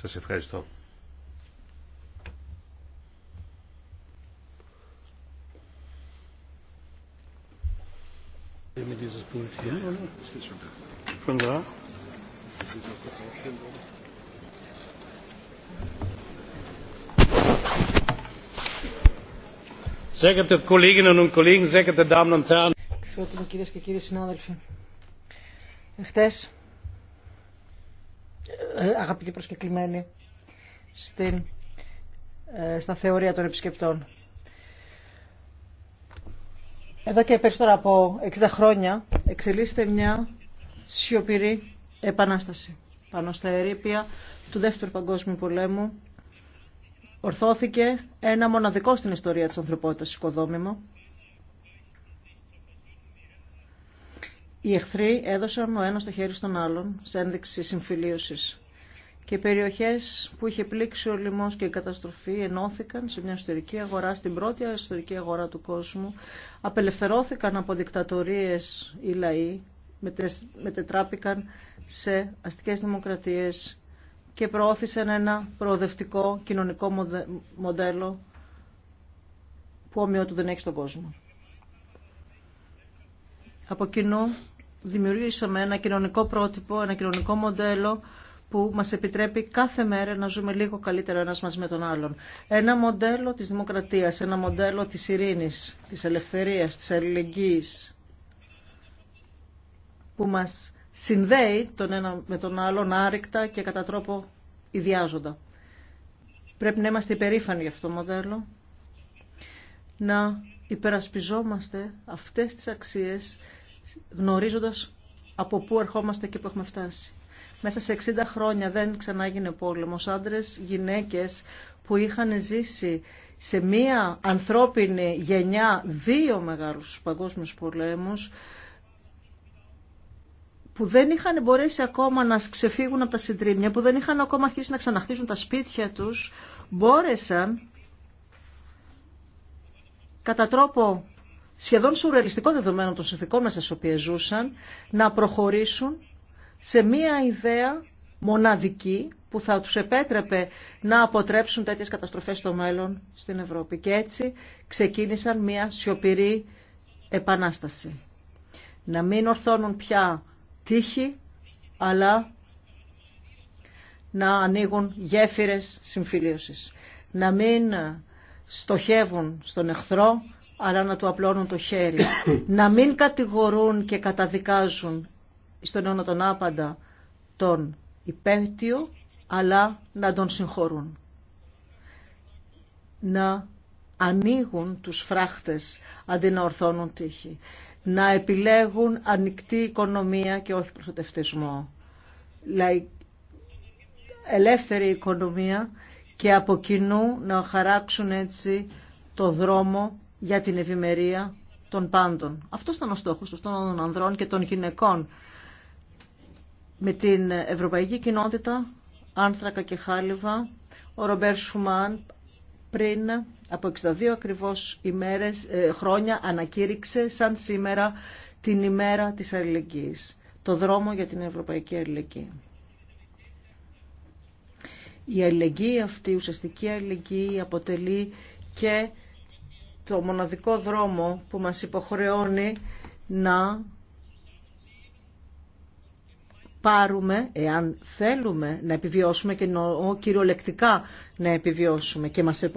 Σας ευχαριστώ. Sehr geehrte Kolleginnen und Kollegen, sehr geehrte Damen und Herren. Κυρίες και κύριοι συνάδελφοι, εχθές ε, αγαπητοί προσκεκλημένοι, στην, ε, στα θεωρία των επισκεπτών. Εδώ και περισσότερα από 60 χρόνια εξελίσσεται μια σιωπηρή επανάσταση πάνω στα ερήπια του Δεύτερου Παγκόσμιου Πολέμου. Ορθώθηκε ένα μοναδικό στην ιστορία της ανθρωπότητας οικοδόμημα. Οι εχθροί έδωσαν ο ένας το χέρι στον άλλον σε ένδειξη συμφιλίωσης και οι περιοχές που είχε πλήξει ο λοιμός και η καταστροφή ενώθηκαν σε μια ιστορική αγορά, στην πρώτη ιστορική αγορά του κόσμου, απελευθερώθηκαν από δικτατορίες οι λαοί, μετετράπηκαν σε αστικές δημοκρατίες και προώθησαν ένα προοδευτικό κοινωνικό μοντέλο που όμοιο του δεν έχει στον κόσμο. Από κοινού δημιουργήσαμε ένα κοινωνικό πρότυπο, ένα κοινωνικό μοντέλο που μας επιτρέπει κάθε μέρα να ζούμε λίγο καλύτερα ένας μαζί με τον άλλον. Ένα μοντέλο της δημοκρατίας, ένα μοντέλο της ειρήνης, της ελευθερίας, της αλληλεγγύης που μας συνδέει τον ένα με τον άλλον άρρηκτα και κατά τρόπο ιδιάζοντα. Πρέπει να είμαστε υπερήφανοι για αυτό το μοντέλο, να υπερασπιζόμαστε αυτές τις αξίες γνωρίζοντας από πού ερχόμαστε και πού έχουμε φτάσει. Μέσα σε 60 χρόνια δεν ξανά έγινε πόλεμος. Άντρες, γυναίκες που είχαν ζήσει σε μία ανθρώπινη γενιά δύο μεγάλους παγκόσμιους πολέμους που δεν είχαν μπορέσει ακόμα να ξεφύγουν από τα συντρίμια, που δεν είχαν ακόμα αρχίσει να ξαναχτίσουν τα σπίτια τους, μπόρεσαν κατά τρόπο σχεδόν σουρεαλιστικό δεδομένο των συνθηκών μέσα στις οποίες ζούσαν, να προχωρήσουν σε μία ιδέα μοναδική που θα τους επέτρεπε να αποτρέψουν τέτοιες καταστροφές στο μέλλον στην Ευρώπη. Και έτσι ξεκίνησαν μία σιωπηρή επανάσταση. Να μην ορθώνουν πια τύχη, αλλά να ανοίγουν γέφυρες συμφιλίωσης. Να μην στοχεύουν στον εχθρό, αλλά να του απλώνουν το χέρι. να μην κατηγορούν και καταδικάζουν στον αιώνα τον άπαντα τον υπέτειο, αλλά να τον συγχωρούν. Να ανοίγουν τους φράχτες αντί να ορθώνουν τύχη. Να επιλέγουν ανοιχτή οικονομία και όχι προστατευτισμό. Ελεύθερη οικονομία και από κοινού να χαράξουν έτσι το δρόμο για την ευημερία των πάντων. Αυτό ήταν ο στόχος των ανδρών και των γυναικών με την Ευρωπαϊκή Κοινότητα Άνθρακα και Χάλιβα, ο Ρομπέρ Σουμάν πριν από 62 ακριβώς ημέρες, ε, χρόνια ανακήρυξε σαν σήμερα την ημέρα της αλληλεγγύης, το δρόμο για την Ευρωπαϊκή Αλληλεγγύη. Η αλληλεγγύη αυτή, η ουσιαστική αλληλεγγύη, αποτελεί και το μοναδικό δρόμο που μας υποχρεώνει να πάρουμε, εάν θέλουμε να επιβιώσουμε και εννοώ κυριολεκτικά να επιβιώσουμε και μας σε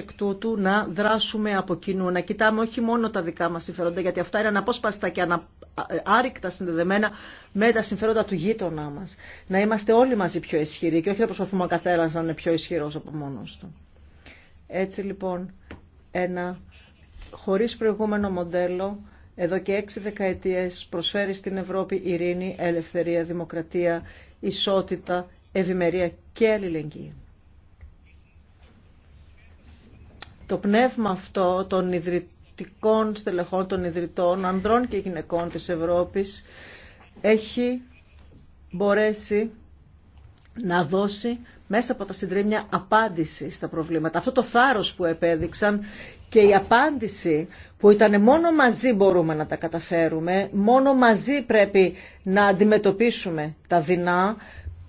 εκ τούτου να δράσουμε από κοινού, να κοιτάμε όχι μόνο τα δικά μας συμφέροντα, γιατί αυτά είναι αναπόσπαστα και ανα... Ε, άρρηκτα συνδεδεμένα με τα συμφέροντα του γείτονά μας. Να είμαστε όλοι μαζί πιο ισχυροί και όχι να προσπαθούμε ο καθένας να είναι πιο ισχυρός από μόνος του. Έτσι λοιπόν, ένα χωρίς προηγούμενο μοντέλο εδώ και έξι δεκαετίες προσφέρει στην Ευρώπη ειρήνη, ελευθερία, δημοκρατία, ισότητα, ευημερία και αλληλεγγύη. Το πνεύμα αυτό των ιδρυτικών στελεχών, των ιδρυτών, ανδρών και γυναικών της Ευρώπης έχει μπορέσει να δώσει μέσα από τα συντρίμια απάντηση στα προβλήματα. Αυτό το θάρρος που επέδειξαν και η απάντηση που ήταν μόνο μαζί μπορούμε να τα καταφέρουμε, μόνο μαζί πρέπει να αντιμετωπίσουμε τα δεινά,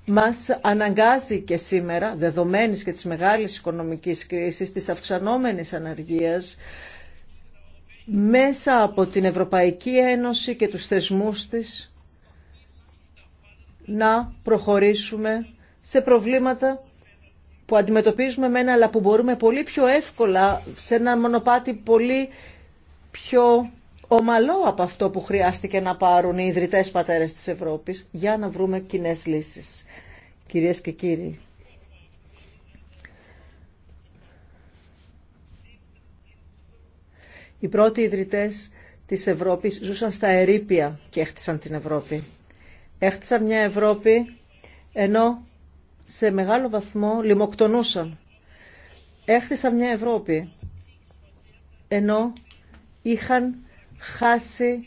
μας αναγκάζει και σήμερα, δεδομένης και της μεγάλης οικονομικής κρίσης, της αυξανόμενης αναργίας, μέσα από την Ευρωπαϊκή Ένωση και τους θεσμούς της, να προχωρήσουμε σε προβλήματα που αντιμετωπίζουμε μένα αλλά που μπορούμε πολύ πιο εύκολα σε ένα μονοπάτι πολύ πιο ομαλό από αυτό που χρειάστηκε να πάρουν οι ιδρυτές πατέρες της Ευρώπης για να βρούμε κοινέ λύσεις. Κυρίες και κύριοι. Οι πρώτοι ιδρυτές της Ευρώπης ζούσαν στα ερήπια και έχτισαν την Ευρώπη. Έχτισαν μια Ευρώπη ενώ σε μεγάλο βαθμό λιμοκτονούσαν. Έχτισαν μια Ευρώπη, ενώ είχαν χάσει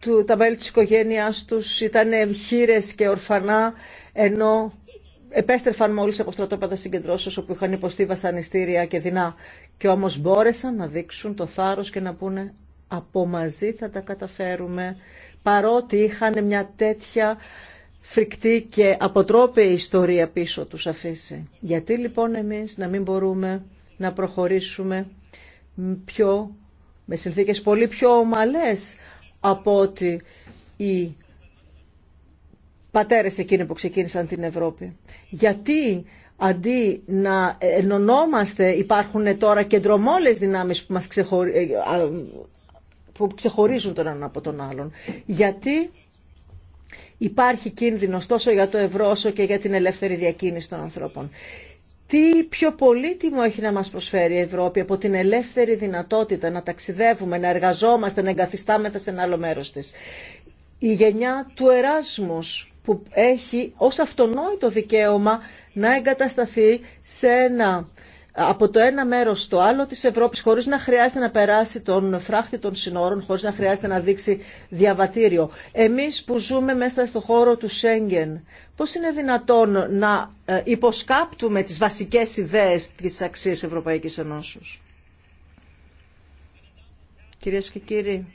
του, τα μέλη της οικογένειάς τους, ήταν χείρες και ορφανά, ενώ επέστρεφαν μόλις από στρατόπεδα συγκεντρώσεως όπου είχαν υποστεί βασανιστήρια και δεινά. Και όμως μπόρεσαν να δείξουν το θάρρος και να πούνε από μαζί θα τα καταφέρουμε, παρότι είχαν μια τέτοια φρικτή και αποτρόπαιη ιστορία πίσω τους αφήσει. Γιατί λοιπόν εμείς να μην μπορούμε να προχωρήσουμε πιο, με συνθήκες πολύ πιο ομαλές από ότι οι πατέρες εκείνοι που ξεκίνησαν την Ευρώπη. Γιατί αντί να ενωνόμαστε υπάρχουν τώρα κεντρομόλες δυνάμεις που, ε, που ξεχωρίζουν τον έναν από τον άλλον. Γιατί υπάρχει κίνδυνος τόσο για το ευρώ όσο και για την ελεύθερη διακίνηση των ανθρώπων. Τι πιο πολύτιμο έχει να μας προσφέρει η Ευρώπη από την ελεύθερη δυνατότητα να ταξιδεύουμε, να εργαζόμαστε, να εγκαθιστάμεθα σε ένα άλλο μέρος της. Η γενιά του Εράσμους που έχει ως αυτονόητο δικαίωμα να εγκατασταθεί σε ένα από το ένα μέρος στο άλλο της Ευρώπης χωρίς να χρειάζεται να περάσει τον φράχτη των συνόρων, χωρίς να χρειάζεται να δείξει διαβατήριο. Εμείς που ζούμε μέσα στο χώρο του Σέγγεν, Πώ είναι δυνατόν να ε, υποσκάπτουμε τις βασικές ιδέες τη αξία Ευρωπαϊκής Ενώσεω. Κυρίες και κύριοι,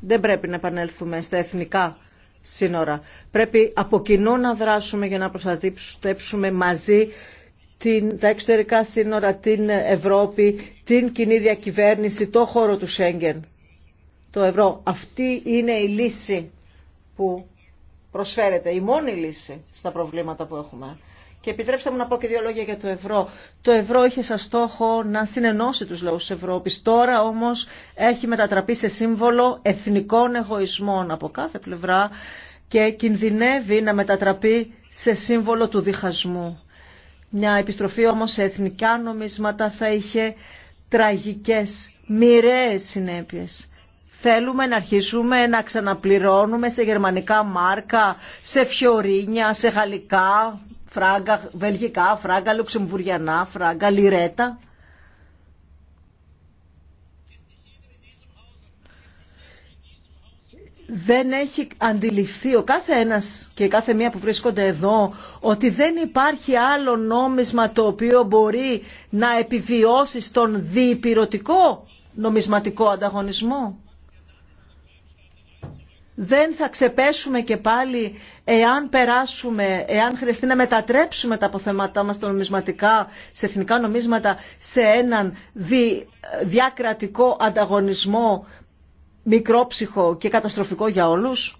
δεν πρέπει να επανέλθουμε στα εθνικά σύνορα. Πρέπει από κοινού να δράσουμε για να προστατεύσουμε μαζί την, τα εξωτερικά σύνορα, την Ευρώπη, την κοινή διακυβέρνηση, το χώρο του Σέγγεν, το ευρώ. Αυτή είναι η λύση που προσφέρεται, η μόνη λύση στα προβλήματα που έχουμε. Και επιτρέψτε μου να πω και δύο λόγια για το ευρώ. Το ευρώ είχε σαν στόχο να συνενώσει τους λαούς της Ευρώπης. Τώρα όμως έχει μετατραπεί σε σύμβολο εθνικών εγωισμών από κάθε πλευρά και κινδυνεύει να μετατραπεί σε σύμβολο του διχασμού. Μια επιστροφή όμως σε εθνικά νομίσματα θα είχε τραγικές, μοιραίες συνέπειες. Θέλουμε να αρχίσουμε να ξαναπληρώνουμε σε γερμανικά μάρκα, σε φιωρίνια, σε γαλλικά φράγκα βελγικά, φράγκα λουξεμβουριανά, φράγκα λιρέτα. δεν έχει αντιληφθεί ο κάθε ένας και η κάθε μία που βρίσκονται εδώ ότι δεν υπάρχει άλλο νόμισμα το οποίο μπορεί να επιβιώσει στον διυπηρωτικό νομισματικό ανταγωνισμό δεν θα ξεπέσουμε και πάλι εάν περάσουμε, εάν χρειαστεί να μετατρέψουμε τα αποθέματά μας τα νομισματικά, σε εθνικά νομίσματα, σε έναν διακρατικό ανταγωνισμό μικρόψυχο και καταστροφικό για όλους.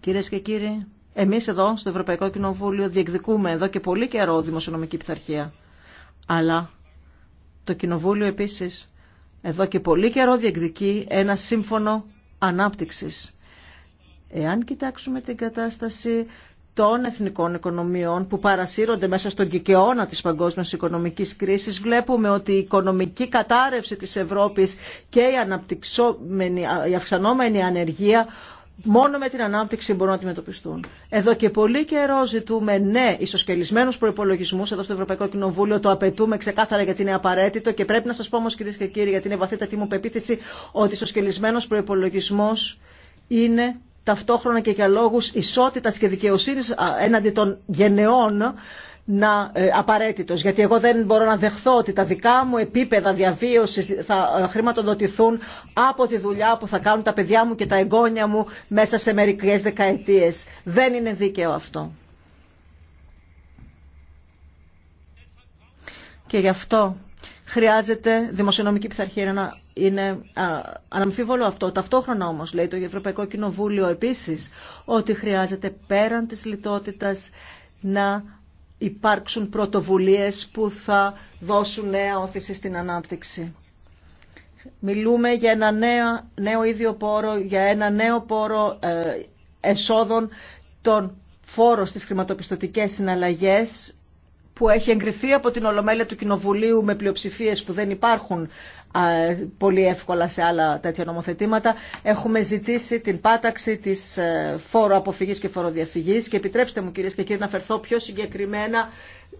Κυρίε και κύριοι, εμείς εδώ στο Ευρωπαϊκό Κοινοβούλιο διεκδικούμε εδώ και πολύ καιρό δημοσιονομική πειθαρχία. Αλλά το Κοινοβούλιο επίσης εδώ και πολύ καιρό διεκδικεί ένα σύμφωνο ανάπτυξης. Εάν κοιτάξουμε την κατάσταση των εθνικών οικονομιών που παρασύρονται μέσα στον κικαιώνα της παγκόσμιας οικονομικής κρίσης βλέπουμε ότι η οικονομική κατάρρευση της Ευρώπης και η, η αυξανόμενη ανεργία Μόνο με την ανάπτυξη μπορούν να αντιμετωπιστούν. Εδώ και πολύ καιρό ζητούμε ναι, ισοσκελισμένου προπολογισμού. Εδώ στο Ευρωπαϊκό Κοινοβούλιο το απαιτούμε ξεκάθαρα γιατί είναι απαραίτητο. Και πρέπει να σα πω όμω, κυρίε και κύριοι, γιατί είναι βαθύτατη μου πεποίθηση ότι ισοσκελισμένο προπολογισμό είναι ταυτόχρονα και για λόγου ισότητα και δικαιοσύνη έναντι των γενεών να ε, απαραίτητος. Γιατί εγώ δεν μπορώ να δεχθώ ότι τα δικά μου επίπεδα διαβίωσης θα ε, χρηματοδοτηθούν από τη δουλειά που θα κάνουν τα παιδιά μου και τα εγγόνια μου μέσα σε μερικές δεκαετίες. Δεν είναι δίκαιο αυτό. Και γι' αυτό χρειάζεται δημοσιονομική πειθαρχία να είναι αναμφίβολο αυτό. Ταυτόχρονα όμως λέει το Ευρωπαϊκό Κοινοβούλιο επίσης ότι χρειάζεται πέραν της λιτότητας να υπάρξουν πρωτοβουλίες που θα δώσουν νέα όθηση στην ανάπτυξη. Μιλούμε για ένα νέο, ίδιο πόρο, για ένα νέο πόρο ε, εσόδων των φόρων στις χρηματοπιστωτικές συναλλαγές που έχει εγκριθεί από την Ολομέλεια του Κοινοβουλίου με πλειοψηφίες που δεν υπάρχουν πολύ εύκολα σε άλλα τέτοια νομοθετήματα. Έχουμε ζητήσει την πάταξη της ε, φόρου αποφυγής και φοροδιαφυγής και επιτρέψτε μου κυρίες και κύριοι να αναφερθώ πιο συγκεκριμένα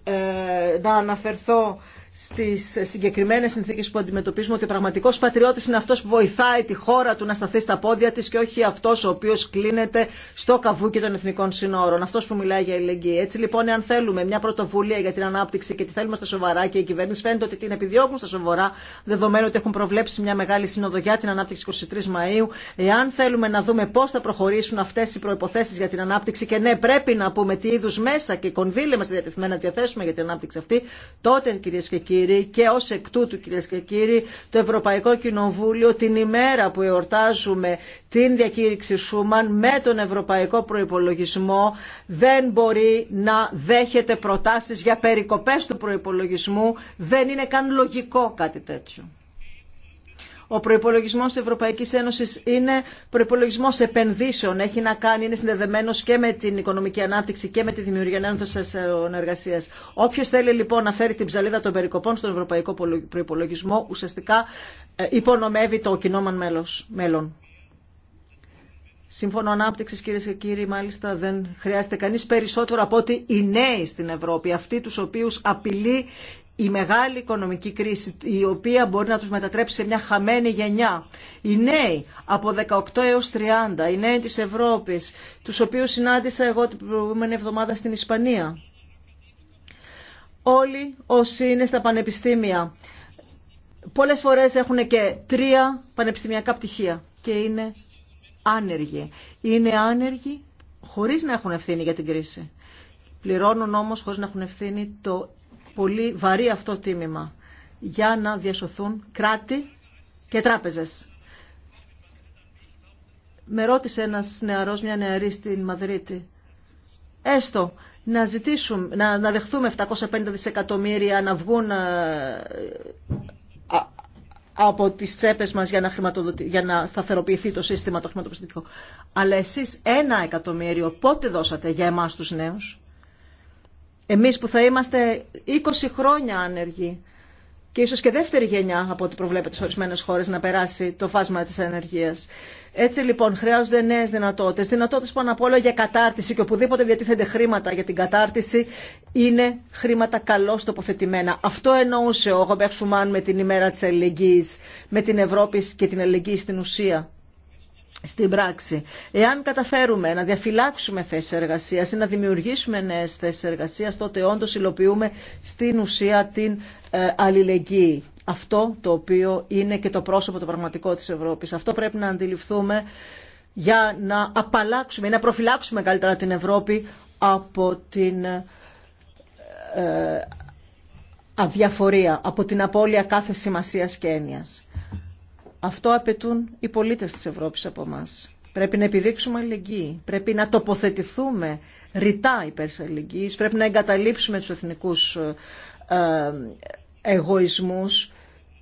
ε, να αναφερθώ Στι συγκεκριμένε συνθήκε που αντιμετωπίζουμε ότι ο πραγματικό πατριώτη είναι αυτό που βοηθάει τη χώρα του να σταθεί στα πόδια τη και όχι αυτό ο οποίο κλείνεται στο καβούκι των εθνικών συνόρων, Αυτό που μιλάει για ελεγγύη. Έτσι λοιπόν, αν θέλουμε μια πρωτοβουλία για την ανάπτυξη και τη θέλουμε στα σοβαρά και η κυβέρνηση φαίνεται ότι την επιδιώκουν στα σοβαρά, δεδομένου ότι έχουν προβλέψει μια μεγάλη σύνοδο για την ανάπτυξη 23 Μαου. εάν θέλουμε να δούμε πώ θα προχωρήσουν αυτέ οι προποθέσει για την ανάπτυξη και ναι πρέπει να πούμε τι είδου μέσα και κονδύλια μας διατεθειμένα διαθέσουμε για την ανάπτυξη αυτή, τότε κυρίε και κύριοι και ως εκ τούτου κυρίες και κύριοι το Ευρωπαϊκό Κοινοβούλιο την ημέρα που εορτάζουμε την διακήρυξη Σούμαν με τον Ευρωπαϊκό Προϋπολογισμό δεν μπορεί να δέχεται προτάσεις για περικοπές του προϋπολογισμού δεν είναι καν λογικό κάτι τέτοιο. Ο προπολογισμό τη Ευρωπαϊκή Ένωση είναι προπολογισμό επενδύσεων. Έχει να κάνει, είναι συνδεδεμένο και με την οικονομική ανάπτυξη και με τη δημιουργία νέων θέσεων εργασία. Όποιο θέλει λοιπόν να φέρει την ψαλίδα των περικοπών στον ευρωπαϊκό προπολογισμό, ουσιαστικά ε, υπονομεύει το κοινό μέλλον. Σύμφωνο ανάπτυξη, κυρίε και κύριοι, μάλιστα δεν χρειάζεται κανεί περισσότερο από ότι οι νέοι στην Ευρώπη, αυτοί του οποίου απειλεί η μεγάλη οικονομική κρίση η οποία μπορεί να τους μετατρέψει σε μια χαμένη γενιά. Οι νέοι από 18 έως 30, οι νέοι της Ευρώπης, τους οποίους συνάντησα εγώ την προηγούμενη εβδομάδα στην Ισπανία. Όλοι όσοι είναι στα πανεπιστήμια, πολλές φορές έχουν και τρία πανεπιστημιακά πτυχία και είναι άνεργοι. Είναι άνεργοι χωρίς να έχουν ευθύνη για την κρίση. Πληρώνουν όμως χωρίς να έχουν ευθύνη το πολύ βαρύ αυτό τίμημα για να διασωθούν κράτη και τράπεζες. Με ρώτησε ένας νεαρός, μια νεαρή στην Μαδρίτη. Έστω να ζητήσουμε, να, να δεχθούμε 750 δισεκατομμύρια να βγουν ε, από τις τσέπες μας για να, για να σταθεροποιηθεί το σύστημα το χρηματοπιστωτικό. Αλλά εσείς ένα εκατομμύριο πότε δώσατε για εμάς τους νέους. Εμείς που θα είμαστε 20 χρόνια άνεργοι και ίσως και δεύτερη γενιά από ό,τι προβλέπεται σε ορισμένες χώρες να περάσει το φάσμα της ανεργίας. Έτσι λοιπόν χρειάζονται νέε δυνατότητε. Δυνατότητε πάνω απ' όλα για κατάρτιση και οπουδήποτε διατίθενται χρήματα για την κατάρτιση είναι χρήματα καλώ τοποθετημένα. Αυτό εννοούσε ο Γομπέρ Σουμάν με την ημέρα τη αλληλεγγύη, με την Ευρώπη και την αλληλεγγύη στην ουσία στην πράξη. Εάν καταφέρουμε να διαφυλάξουμε θέσει εργασία ή να δημιουργήσουμε νέε θέσει εργασία, τότε όντω υλοποιούμε στην ουσία την ε, αλληλεγγύη. Αυτό το οποίο είναι και το πρόσωπο το πραγματικό της Ευρώπης. Αυτό πρέπει να αντιληφθούμε για να απαλλάξουμε ή να προφυλάξουμε καλύτερα την Ευρώπη από την ε, ε, αδιαφορία, από την απώλεια κάθε σημασίας και έννοιας. Αυτό απαιτούν οι πολίτες της Ευρώπης από μας. Πρέπει να επιδείξουμε αλληλεγγύη. Πρέπει να τοποθετηθούμε ρητά υπέρ της αλληλεγγύης. Πρέπει να εγκαταλείψουμε τους εθνικούς ε, εγωισμούς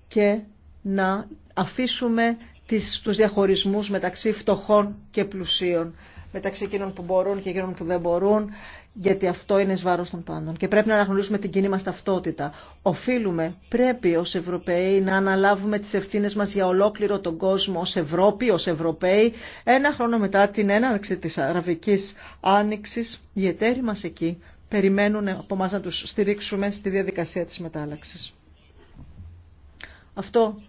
και να αφήσουμε τις, τους διαχωρισμούς μεταξύ φτωχών και πλουσίων μεταξύ εκείνων που μπορούν και εκείνων που δεν μπορούν γιατί αυτό είναι σβάρο των πάντων και πρέπει να αναγνωρίσουμε την κοινή μας ταυτότητα. Οφείλουμε, πρέπει ως Ευρωπαίοι να αναλάβουμε τις ευθύνες μας για ολόκληρο τον κόσμο ως Ευρώπη, ως Ευρωπαίοι. Ένα χρόνο μετά την έναρξη της Αραβικής άνοιξη, οι εταίροι μα εκεί περιμένουν από εμά να τους στηρίξουμε στη διαδικασία τη μετάλλαξη. Αυτό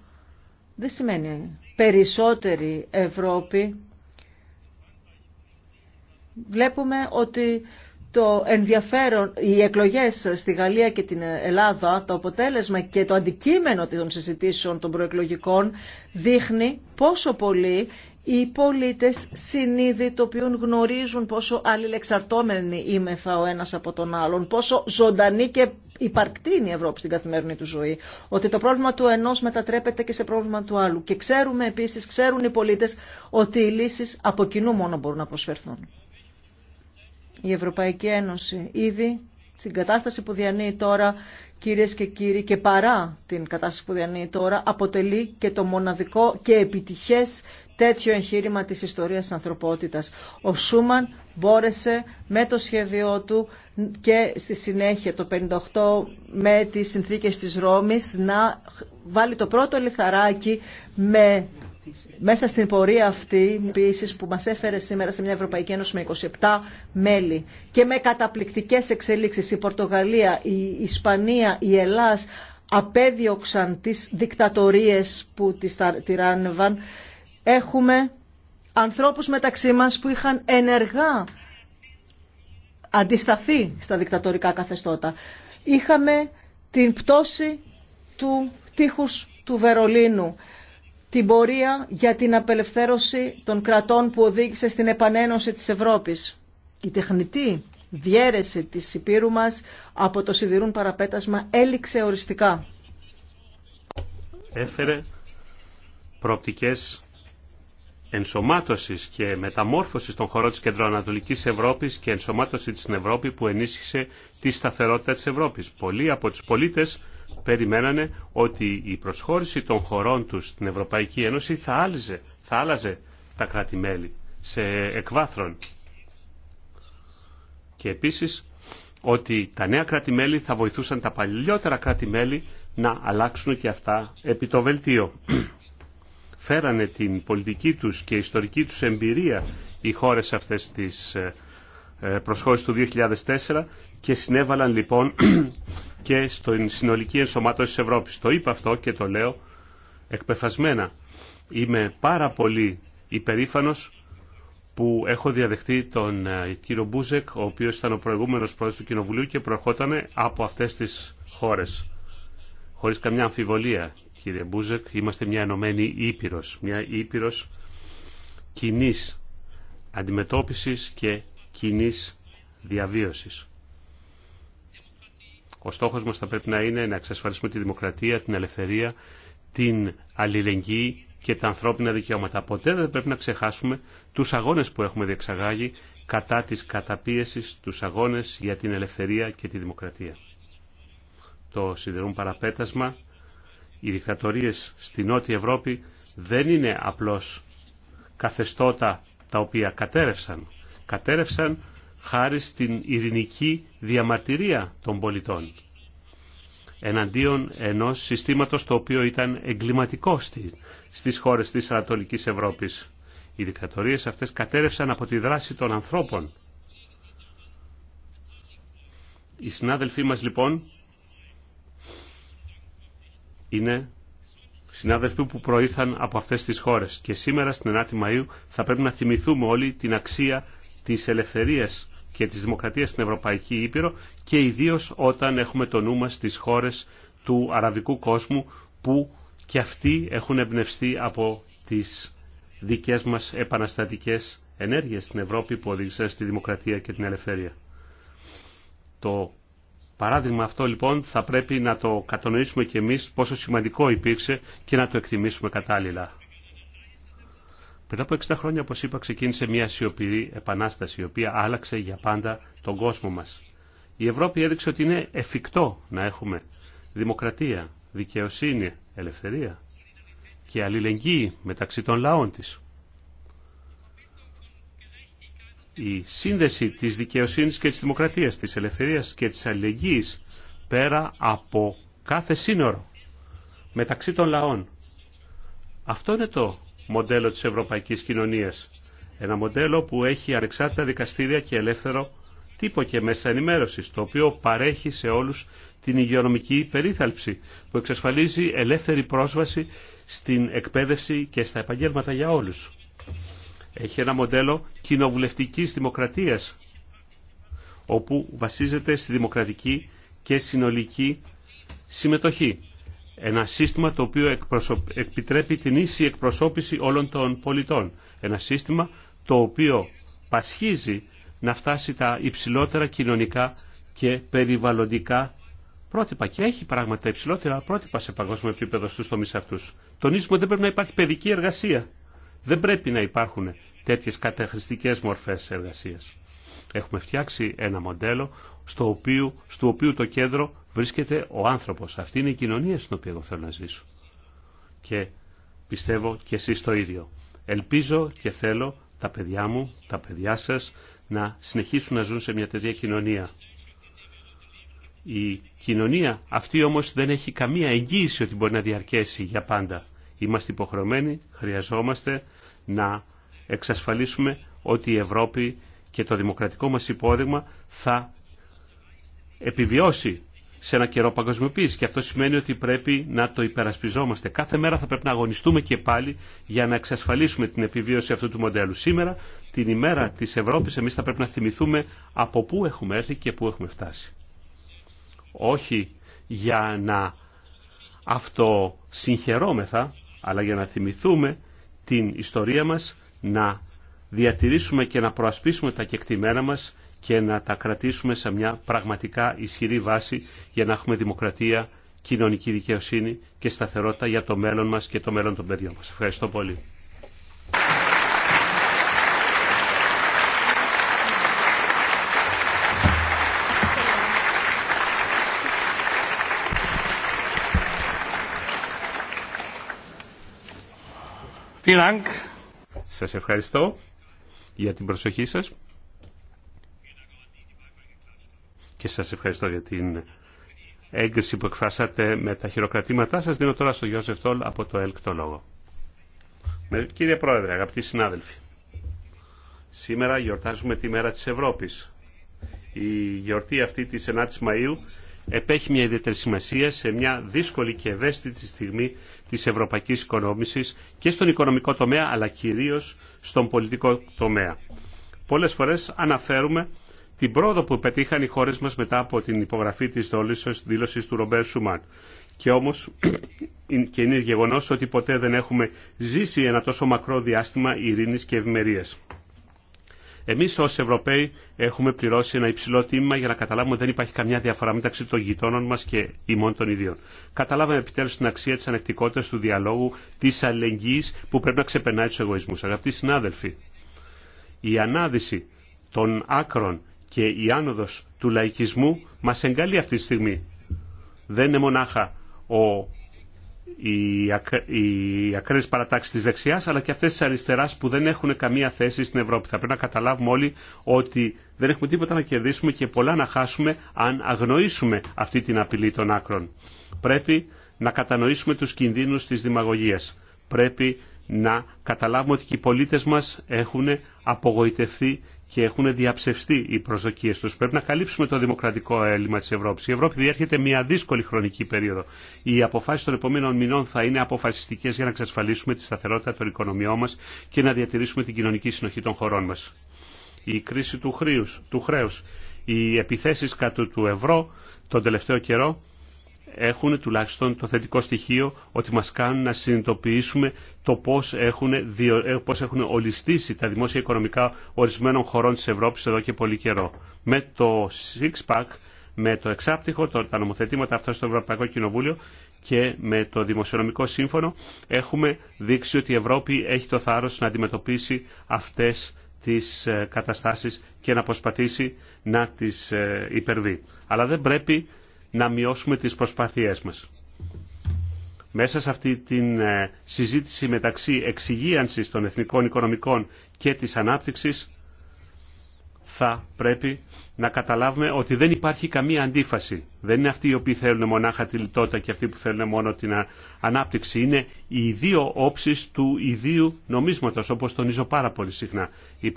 δεν σημαίνει περισσότερη Ευρώπη. Βλέπουμε ότι το ενδιαφέρον, οι εκλογές στη Γαλλία και την Ελλάδα, το αποτέλεσμα και το αντικείμενο των συζητήσεων των προεκλογικών δείχνει πόσο πολύ οι πολίτες συνειδητοποιούν, γνωρίζουν πόσο αλληλεξαρτώμενοι είμεθα ο ένας από τον άλλον, πόσο ζωντανή και υπαρκτή είναι η Ευρώπη στην καθημερινή του ζωή, ότι το πρόβλημα του ενός μετατρέπεται και σε πρόβλημα του άλλου. Και ξέρουμε επίσης, ξέρουν οι πολίτες, ότι οι λύσεις από κοινού μόνο μπορούν να προσφερθούν η Ευρωπαϊκή Ένωση ήδη στην κατάσταση που διανύει τώρα, κυρίες και κύριοι, και παρά την κατάσταση που διανύει τώρα, αποτελεί και το μοναδικό και επιτυχές τέτοιο εγχείρημα της ιστορίας της ανθρωπότητας. Ο Σούμαν μπόρεσε με το σχέδιό του και στη συνέχεια το 58 με τις συνθήκες της Ρώμης να βάλει το πρώτο λιθαράκι με μέσα στην πορεία αυτή επίση που μας έφερε σήμερα σε μια Ευρωπαϊκή Ένωση με 27 μέλη και με καταπληκτικές εξελίξεις η Πορτογαλία, η Ισπανία, η Ελλάς απέδιωξαν τις δικτατορίες που τις τυράνευαν έχουμε ανθρώπους μεταξύ μας που είχαν ενεργά αντισταθεί στα δικτατορικά καθεστώτα. Είχαμε την πτώση του τείχους του Βερολίνου την πορεία για την απελευθέρωση των κρατών που οδήγησε στην επανένωση της Ευρώπης. Η τεχνητή διέρεση της Υπήρου μας από το σιδηρούν παραπέτασμα έληξε οριστικά. Έφερε προοπτικές ενσωμάτωσης και μεταμόρφωσης των χωρών της Κεντροανατολικής Ευρώπης και ενσωμάτωση της Ευρώπη που ενίσχυσε τη σταθερότητα της Ευρώπης. Πολλοί από τους πολίτες περιμένανε ότι η προσχώρηση των χωρών τους στην Ευρωπαϊκή Ένωση θα, άλλαζε, θα άλλαζε τα κράτη-μέλη σε εκβάθρον. Και επίσης ότι τα νέα κράτη-μέλη θα βοηθούσαν τα παλιότερα κράτη-μέλη να αλλάξουν και αυτά επί το βελτίο. Φέρανε την πολιτική τους και ιστορική τους εμπειρία οι χώρες αυτές της ε, ε, προσχώρηση του 2004 και συνέβαλαν λοιπόν και στην συνολική ενσωμάτωση της Ευρώπης. Το είπα αυτό και το λέω εκπεφασμένα. Είμαι πάρα πολύ υπερήφανος που έχω διαδεχτεί τον ε, κύριο Μπούζεκ, ο οποίος ήταν ο προηγούμενος πρόεδρος του Κοινοβουλίου και προερχόταν από αυτές τις χώρες. Χωρίς καμιά αμφιβολία, κύριε Μπούζεκ, είμαστε μια ενωμένη ήπειρος, μια ήπειρος κοινή αντιμετώπισης και κοινή διαβίωσης. Ο στόχος μας θα πρέπει να είναι να εξασφαλίσουμε τη δημοκρατία, την ελευθερία, την αλληλεγγύη και τα ανθρώπινα δικαιώματα. Ποτέ δεν πρέπει να ξεχάσουμε τους αγώνες που έχουμε διεξαγάγει κατά της καταπίεσης, τους αγώνες για την ελευθερία και τη δημοκρατία. Το σιδερούν παραπέτασμα, οι δικτατορίες στη Νότια Ευρώπη δεν είναι απλώς καθεστώτα τα οποία κατέρευσαν κατέρευσαν χάρη στην ειρηνική διαμαρτυρία των πολιτών εναντίον ενός συστήματος το οποίο ήταν εγκληματικό στις χώρες της Ανατολικής Ευρώπης. Οι δικτατορίες αυτές κατέρευσαν από τη δράση των ανθρώπων. Οι συνάδελφοί μας λοιπόν είναι συνάδελφοι που προήθαν από αυτές τις χώρες και σήμερα στην 9η Μαΐου θα πρέπει να θυμηθούμε όλοι την αξία της ελευθερίας και της δημοκρατίας στην Ευρωπαϊκή Ήπειρο και ιδίως όταν έχουμε το νου μας στις χώρες του αραβικού κόσμου που και αυτοί έχουν εμπνευστεί από τις δικές μας επαναστατικές ενέργειες στην Ευρώπη που οδήγησαν στη δημοκρατία και την ελευθερία. Το παράδειγμα αυτό λοιπόν θα πρέπει να το κατανοήσουμε και εμείς πόσο σημαντικό υπήρξε και να το εκτιμήσουμε κατάλληλα. Πριν από 60 χρόνια, όπω είπα, ξεκίνησε μια σιωπηρή επανάσταση, η οποία άλλαξε για πάντα τον κόσμο μας. Η Ευρώπη έδειξε ότι είναι εφικτό να έχουμε δημοκρατία, δικαιοσύνη, ελευθερία και αλληλεγγύη μεταξύ των λαών της. Η σύνδεση της δικαιοσύνης και της δημοκρατίας, της ελευθερίας και της αλληλεγγύης πέρα από κάθε σύνορο μεταξύ των λαών. Αυτό είναι το μοντέλο της ευρωπαϊκής κοινωνίας. Ένα μοντέλο που έχει ανεξάρτητα δικαστήρια και ελεύθερο τύπο και μέσα ενημέρωσης, το οποίο παρέχει σε όλους την υγειονομική περίθαλψη, που εξασφαλίζει ελεύθερη πρόσβαση στην εκπαίδευση και στα επαγγέλματα για όλους. Έχει ένα μοντέλο κοινοβουλευτικής δημοκρατίας, όπου βασίζεται στη δημοκρατική και συνολική συμμετοχή. Ένα σύστημα το οποίο επιτρέπει την ίση εκπροσώπηση όλων των πολιτών. Ένα σύστημα το οποίο πασχίζει να φτάσει τα υψηλότερα κοινωνικά και περιβαλλοντικά πρότυπα και έχει πράγματα υψηλότερα πρότυπα σε παγκόσμιο επίπεδο στους τομείς αυτούς. Τονίζουμε ότι δεν πρέπει να υπάρχει παιδική εργασία. Δεν πρέπει να υπάρχουν τέτοιες καταχρηστικές μορφές εργασίας. Έχουμε φτιάξει ένα μοντέλο στο οποίο, στο οποίο το κέντρο βρίσκεται ο άνθρωπος. Αυτή είναι η κοινωνία στην οποία εγώ θέλω να ζήσω. Και πιστεύω και εσείς το ίδιο. Ελπίζω και θέλω τα παιδιά μου, τα παιδιά σας να συνεχίσουν να ζουν σε μια τέτοια κοινωνία. Η κοινωνία αυτή όμως δεν έχει καμία εγγύηση ότι μπορεί να διαρκέσει για πάντα. Είμαστε υποχρεωμένοι, χρειαζόμαστε να εξασφαλίσουμε ότι η Ευρώπη και το δημοκρατικό μας υπόδειγμα θα επιβιώσει σε ένα καιρό παγκοσμιοποίηση και αυτό σημαίνει ότι πρέπει να το υπερασπιζόμαστε. Κάθε μέρα θα πρέπει να αγωνιστούμε και πάλι για να εξασφαλίσουμε την επιβίωση αυτού του μοντέλου. Σήμερα, την ημέρα της Ευρώπης, εμείς θα πρέπει να θυμηθούμε από πού έχουμε έρθει και πού έχουμε φτάσει. Όχι για να αυτοσυγχαιρόμεθα, αλλά για να θυμηθούμε την ιστορία μας, να διατηρήσουμε και να προασπίσουμε τα κεκτημένα μας και να τα κρατήσουμε σε μια πραγματικά ισχυρή βάση για να έχουμε δημοκρατία, κοινωνική δικαιοσύνη και σταθερότητα για το μέλλον μας και το μέλλον των παιδιών μας. Ευχαριστώ πολύ. Σας ευχαριστώ για την προσοχή σας και σας ευχαριστώ για την έγκριση που εκφράσατε με τα χειροκρατήματά σας. Δίνω τώρα στον Γιώσεφ Τόλ από το ΕΛΚ το λόγο. κύριε Πρόεδρε, αγαπητοί συνάδελφοι, σήμερα γιορτάζουμε τη Μέρα της Ευρώπης. Η γιορτή αυτή της 9ης Μαΐου επέχει μια ιδιαίτερη σημασία σε μια δύσκολη και ευαίσθητη στιγμή της ευρωπαϊκής οικονόμησης και στον οικονομικό τομέα αλλά κυρίως στον πολιτικό τομέα. Πολλές φορές αναφέρουμε την πρόοδο που πετύχαν οι χώρες μας μετά από την υπογραφή της δήλωσης του Ρομπέρ Σουμάν. Και όμως και είναι γεγονό ότι ποτέ δεν έχουμε ζήσει ένα τόσο μακρό διάστημα ειρήνης και ευημερίας. Εμείς ως Ευρωπαίοι έχουμε πληρώσει ένα υψηλό τίμημα για να καταλάβουμε ότι δεν υπάρχει καμιά διαφορά μεταξύ των γειτόνων μας και ημών των ίδιων. Καταλάβαμε επιτέλου την αξία της ανεκτικότητα του διαλόγου, της αλληλεγγύη που πρέπει να ξεπερνάει του εγωισμού. Αγαπητοί συνάδελφοι, η ανάδυση των άκρων και η άνοδο του λαϊκισμού μα εγκαλεί αυτή τη στιγμή. Δεν είναι μονάχα ο οι, ακραίε παρατάξει τη δεξιά αλλά και αυτέ τη αριστερά που δεν έχουν καμία θέση στην Ευρώπη. Θα πρέπει να καταλάβουμε όλοι ότι δεν έχουμε τίποτα να κερδίσουμε και πολλά να χάσουμε αν αγνοήσουμε αυτή την απειλή των άκρων. Πρέπει να κατανοήσουμε του κινδύνου τη δημαγωγία. Πρέπει να καταλάβουμε ότι και οι πολίτε μα έχουν απογοητευτεί και έχουν διαψευστεί οι προσδοκίε του. Πρέπει να καλύψουμε το δημοκρατικό έλλειμμα τη Ευρώπη. Η Ευρώπη διέρχεται μια δύσκολη χρονική περίοδο. Οι αποφάσει των επόμενων μηνών θα είναι αποφασιστικέ για να εξασφαλίσουμε τη σταθερότητα των οικονομιών μα και να διατηρήσουμε την κοινωνική συνοχή των χωρών μα. Η κρίση του, χρέους, του χρέους, οι επιθέσεις κατά του ευρώ τον τελευταίο καιρό έχουν τουλάχιστον το θετικό στοιχείο ότι μας κάνουν να συνειδητοποιήσουμε το πώς έχουν, διο, ε, ολιστήσει τα δημόσια οικονομικά ορισμένων χωρών της Ευρώπης εδώ και πολύ καιρό. Με το six-pack, με το εξάπτυχο, το, τα νομοθετήματα αυτά στο Ευρωπαϊκό Κοινοβούλιο και με το Δημοσιονομικό Σύμφωνο έχουμε δείξει ότι η Ευρώπη έχει το θάρρος να αντιμετωπίσει αυτές τις ε, καταστάσεις και να προσπαθήσει να τις ε, υπερβεί. Αλλά δεν πρέπει να μειώσουμε τις προσπάθειές μας. Μέσα σε αυτή τη ε, συζήτηση μεταξύ εξυγίανσης των εθνικών οικονομικών και της ανάπτυξης θα πρέπει να καταλάβουμε ότι δεν υπάρχει καμία αντίφαση. Δεν είναι αυτοί οι οποίοι θέλουν μονάχα τη λιτότητα και αυτοί που θέλουν μόνο την ανάπτυξη. Είναι οι δύο όψεις του ιδίου νομίσματος, όπως τονίζω πάρα πολύ συχνά. Η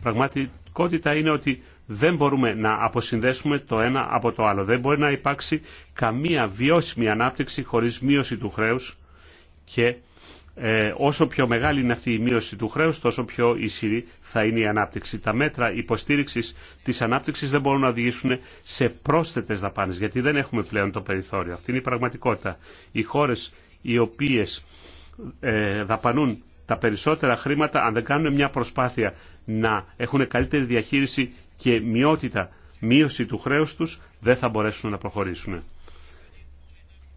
πραγματικότητα είναι ότι δεν μπορούμε να αποσυνδέσουμε το ένα από το άλλο. Δεν μπορεί να υπάρξει καμία βιώσιμη ανάπτυξη χωρίς μείωση του χρέους και ε, όσο πιο μεγάλη είναι αυτή η μείωση του χρέους, τόσο πιο ισχυρή θα είναι η ανάπτυξη. Τα μέτρα υποστήριξης της ανάπτυξης δεν μπορούν να οδηγήσουν σε πρόσθετες δαπάνες, γιατί δεν έχουμε πλέον το περιθώριο. Αυτή είναι η πραγματικότητα. Οι χώρες οι οποίες ε, δαπανούν τα περισσότερα χρήματα, αν δεν κάνουν μια προσπάθεια να έχουν καλύτερη διαχείριση και μειότητα, μείωση του χρέους τους, δεν θα μπορέσουν να προχωρήσουν.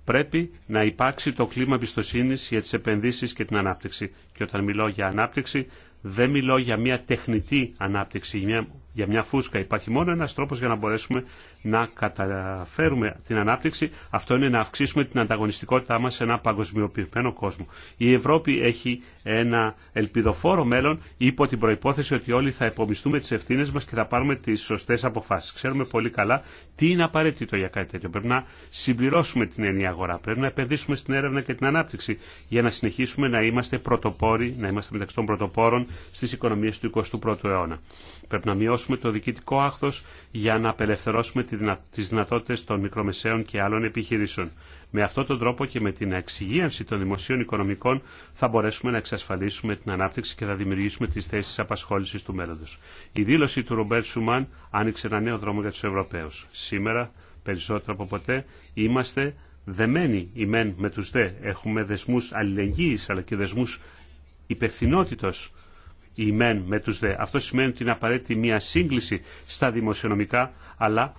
Πρέπει να υπάρξει το κλίμα εμπιστοσύνη για τις επενδύσεις και την ανάπτυξη. Και όταν μιλώ για ανάπτυξη, δεν μιλώ για μια τεχνητή ανάπτυξη, μια για μια φούσκα. Υπάρχει μόνο ένας τρόπος για να μπορέσουμε να καταφέρουμε την ανάπτυξη. Αυτό είναι να αυξήσουμε την ανταγωνιστικότητά μας σε ένα παγκοσμιοποιημένο κόσμο. Η Ευρώπη έχει ένα ελπιδοφόρο μέλλον υπό την προϋπόθεση ότι όλοι θα επομιστούμε τις ευθύνες μας και θα πάρουμε τις σωστές αποφάσεις. Ξέρουμε πολύ καλά τι είναι απαραίτητο για κάτι τέτοιο. Πρέπει να συμπληρώσουμε την ενιαία αγορά. Πρέπει να επενδύσουμε στην έρευνα και την ανάπτυξη για να συνεχίσουμε να είμαστε πρωτοπόροι, να είμαστε μεταξύ των πρωτοπόρων στι οικονομίε του 21ου αιώνα. Πρέπει να μειώσουμε το διοικητικό άχθο για να απελευθερώσουμε τι δυνατότητε των μικρομεσαίων και άλλων επιχειρήσεων. Με αυτόν τον τρόπο και με την εξυγίανση των δημοσίων οικονομικών θα μπορέσουμε να εξασφαλίσουμε την ανάπτυξη και θα δημιουργήσουμε τι θέσει απασχόληση του μέλλοντο. Η δήλωση του Ρομπέρτ Σουμάν άνοιξε ένα νέο δρόμο για του Ευρωπαίου σήμερα περισσότερο από ποτέ είμαστε δεμένοι ημέν με τους δε. Έχουμε δεσμούς αλληλεγγύης αλλά και δεσμούς υπευθυνότητος ημέν με τους δε. Αυτό σημαίνει ότι είναι απαραίτητη μια σύγκληση στα δημοσιονομικά αλλά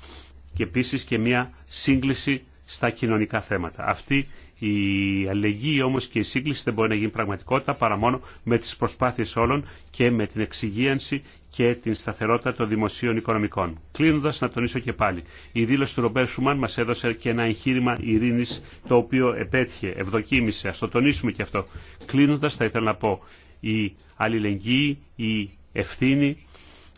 και επίσης και μια σύγκληση στα κοινωνικά θέματα. Αυτή η αλληλεγγύη όμως και η σύγκληση δεν μπορεί να γίνει πραγματικότητα παρά μόνο με τις προσπάθειες όλων και με την εξυγίανση και την σταθερότητα των δημοσίων οικονομικών. Κλείνοντας, να τονίσω και πάλι. Η δήλωση του Ρομπέρ Σουμάν μα έδωσε και ένα εγχείρημα ειρήνη το οποίο επέτυχε, ευδοκίμησε. ας το τονίσουμε και αυτό. Κλείνοντας, θα ήθελα να πω η αλληλεγγύη, η ευθύνη,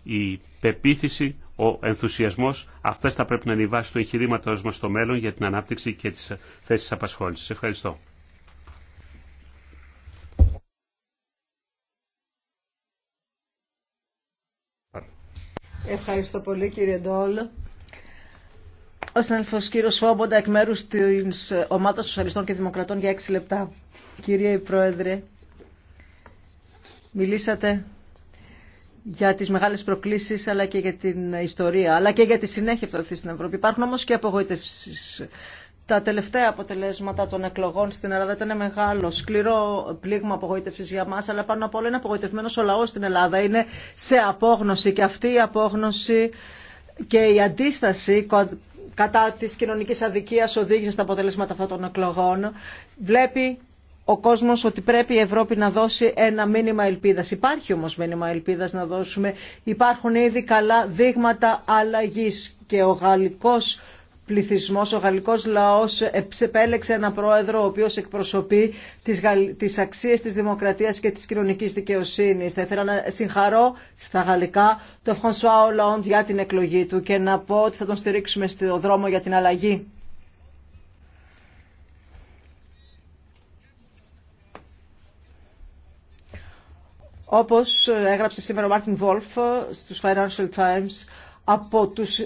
η πεποίθηση ο ενθουσιασμός. αυτέ θα πρέπει να είναι οι βάσει του εγχειρήματο μα στο μέλλον για την ανάπτυξη και τις θέσεις απασχόλησης. Ευχαριστώ. Ευχαριστώ πολύ κύριε Ντόλ. Ο συνάδελφο κύριο Σόμποντα εκ μέρου τη ομάδα Σοσιαλιστών και Δημοκρατών για 6 λεπτά. Κύριε Πρόεδρε, μιλήσατε για τι μεγάλε προκλήσει, αλλά και για την ιστορία, αλλά και για τη συνέχεια που θα δοθεί στην Ευρώπη. Υπάρχουν όμω και απογοητεύσεις. Τα τελευταία αποτελέσματα των εκλογών στην Ελλάδα ήταν μεγάλο, σκληρό πλήγμα απογοήτευση για μα, αλλά πάνω απ' όλα είναι απογοητευμένο ο λαό στην Ελλάδα. Είναι σε απόγνωση και αυτή η απόγνωση και η αντίσταση κατά της κοινωνικής αδικίας οδήγησε στα αποτελέσματα αυτών των εκλογών. Βλέπει ο κόσμος ότι πρέπει η Ευρώπη να δώσει ένα μήνυμα ελπίδα. Υπάρχει όμως μήνυμα ελπίδας να δώσουμε. Υπάρχουν ήδη καλά δείγματα αλλαγή και ο γαλλικός πληθυσμός, ο γαλλικός λαός επέλεξε ένα πρόεδρο ο οποίος εκπροσωπεί τις, τις αξίες της δημοκρατίας και της κοινωνικής δικαιοσύνης. Θα ήθελα να συγχαρώ στα γαλλικά τον Φρανσουά Ολαόντ για την εκλογή του και να πω ότι θα τον στηρίξουμε στο δρόμο για την αλλαγή. όπως έγραψε σήμερα ο Μάρτιν Βόλφ στους Financial Times από τους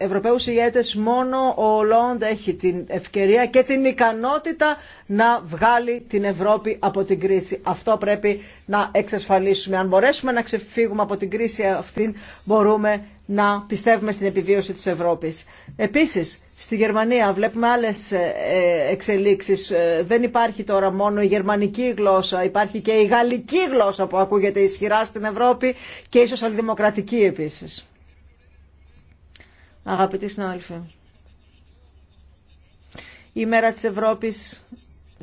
Ευρωπαίους ηγέτες μόνο ο Ολόντ έχει την ευκαιρία και την ικανότητα να βγάλει την Ευρώπη από την κρίση. Αυτό πρέπει να εξασφαλίσουμε. Αν μπορέσουμε να ξεφύγουμε από την κρίση αυτή, μπορούμε να πιστεύουμε στην επιβίωση της Ευρώπης. Επίσης, στη Γερμανία βλέπουμε άλλες ε, εξελίξεις. Ε, δεν υπάρχει τώρα μόνο η γερμανική γλώσσα, υπάρχει και η γαλλική γλώσσα που ακούγεται ισχυρά στην Ευρώπη και ίσως αλληδημοκρατική επίσης αγαπητοί συνάδελφοι. Η μέρα της Ευρώπης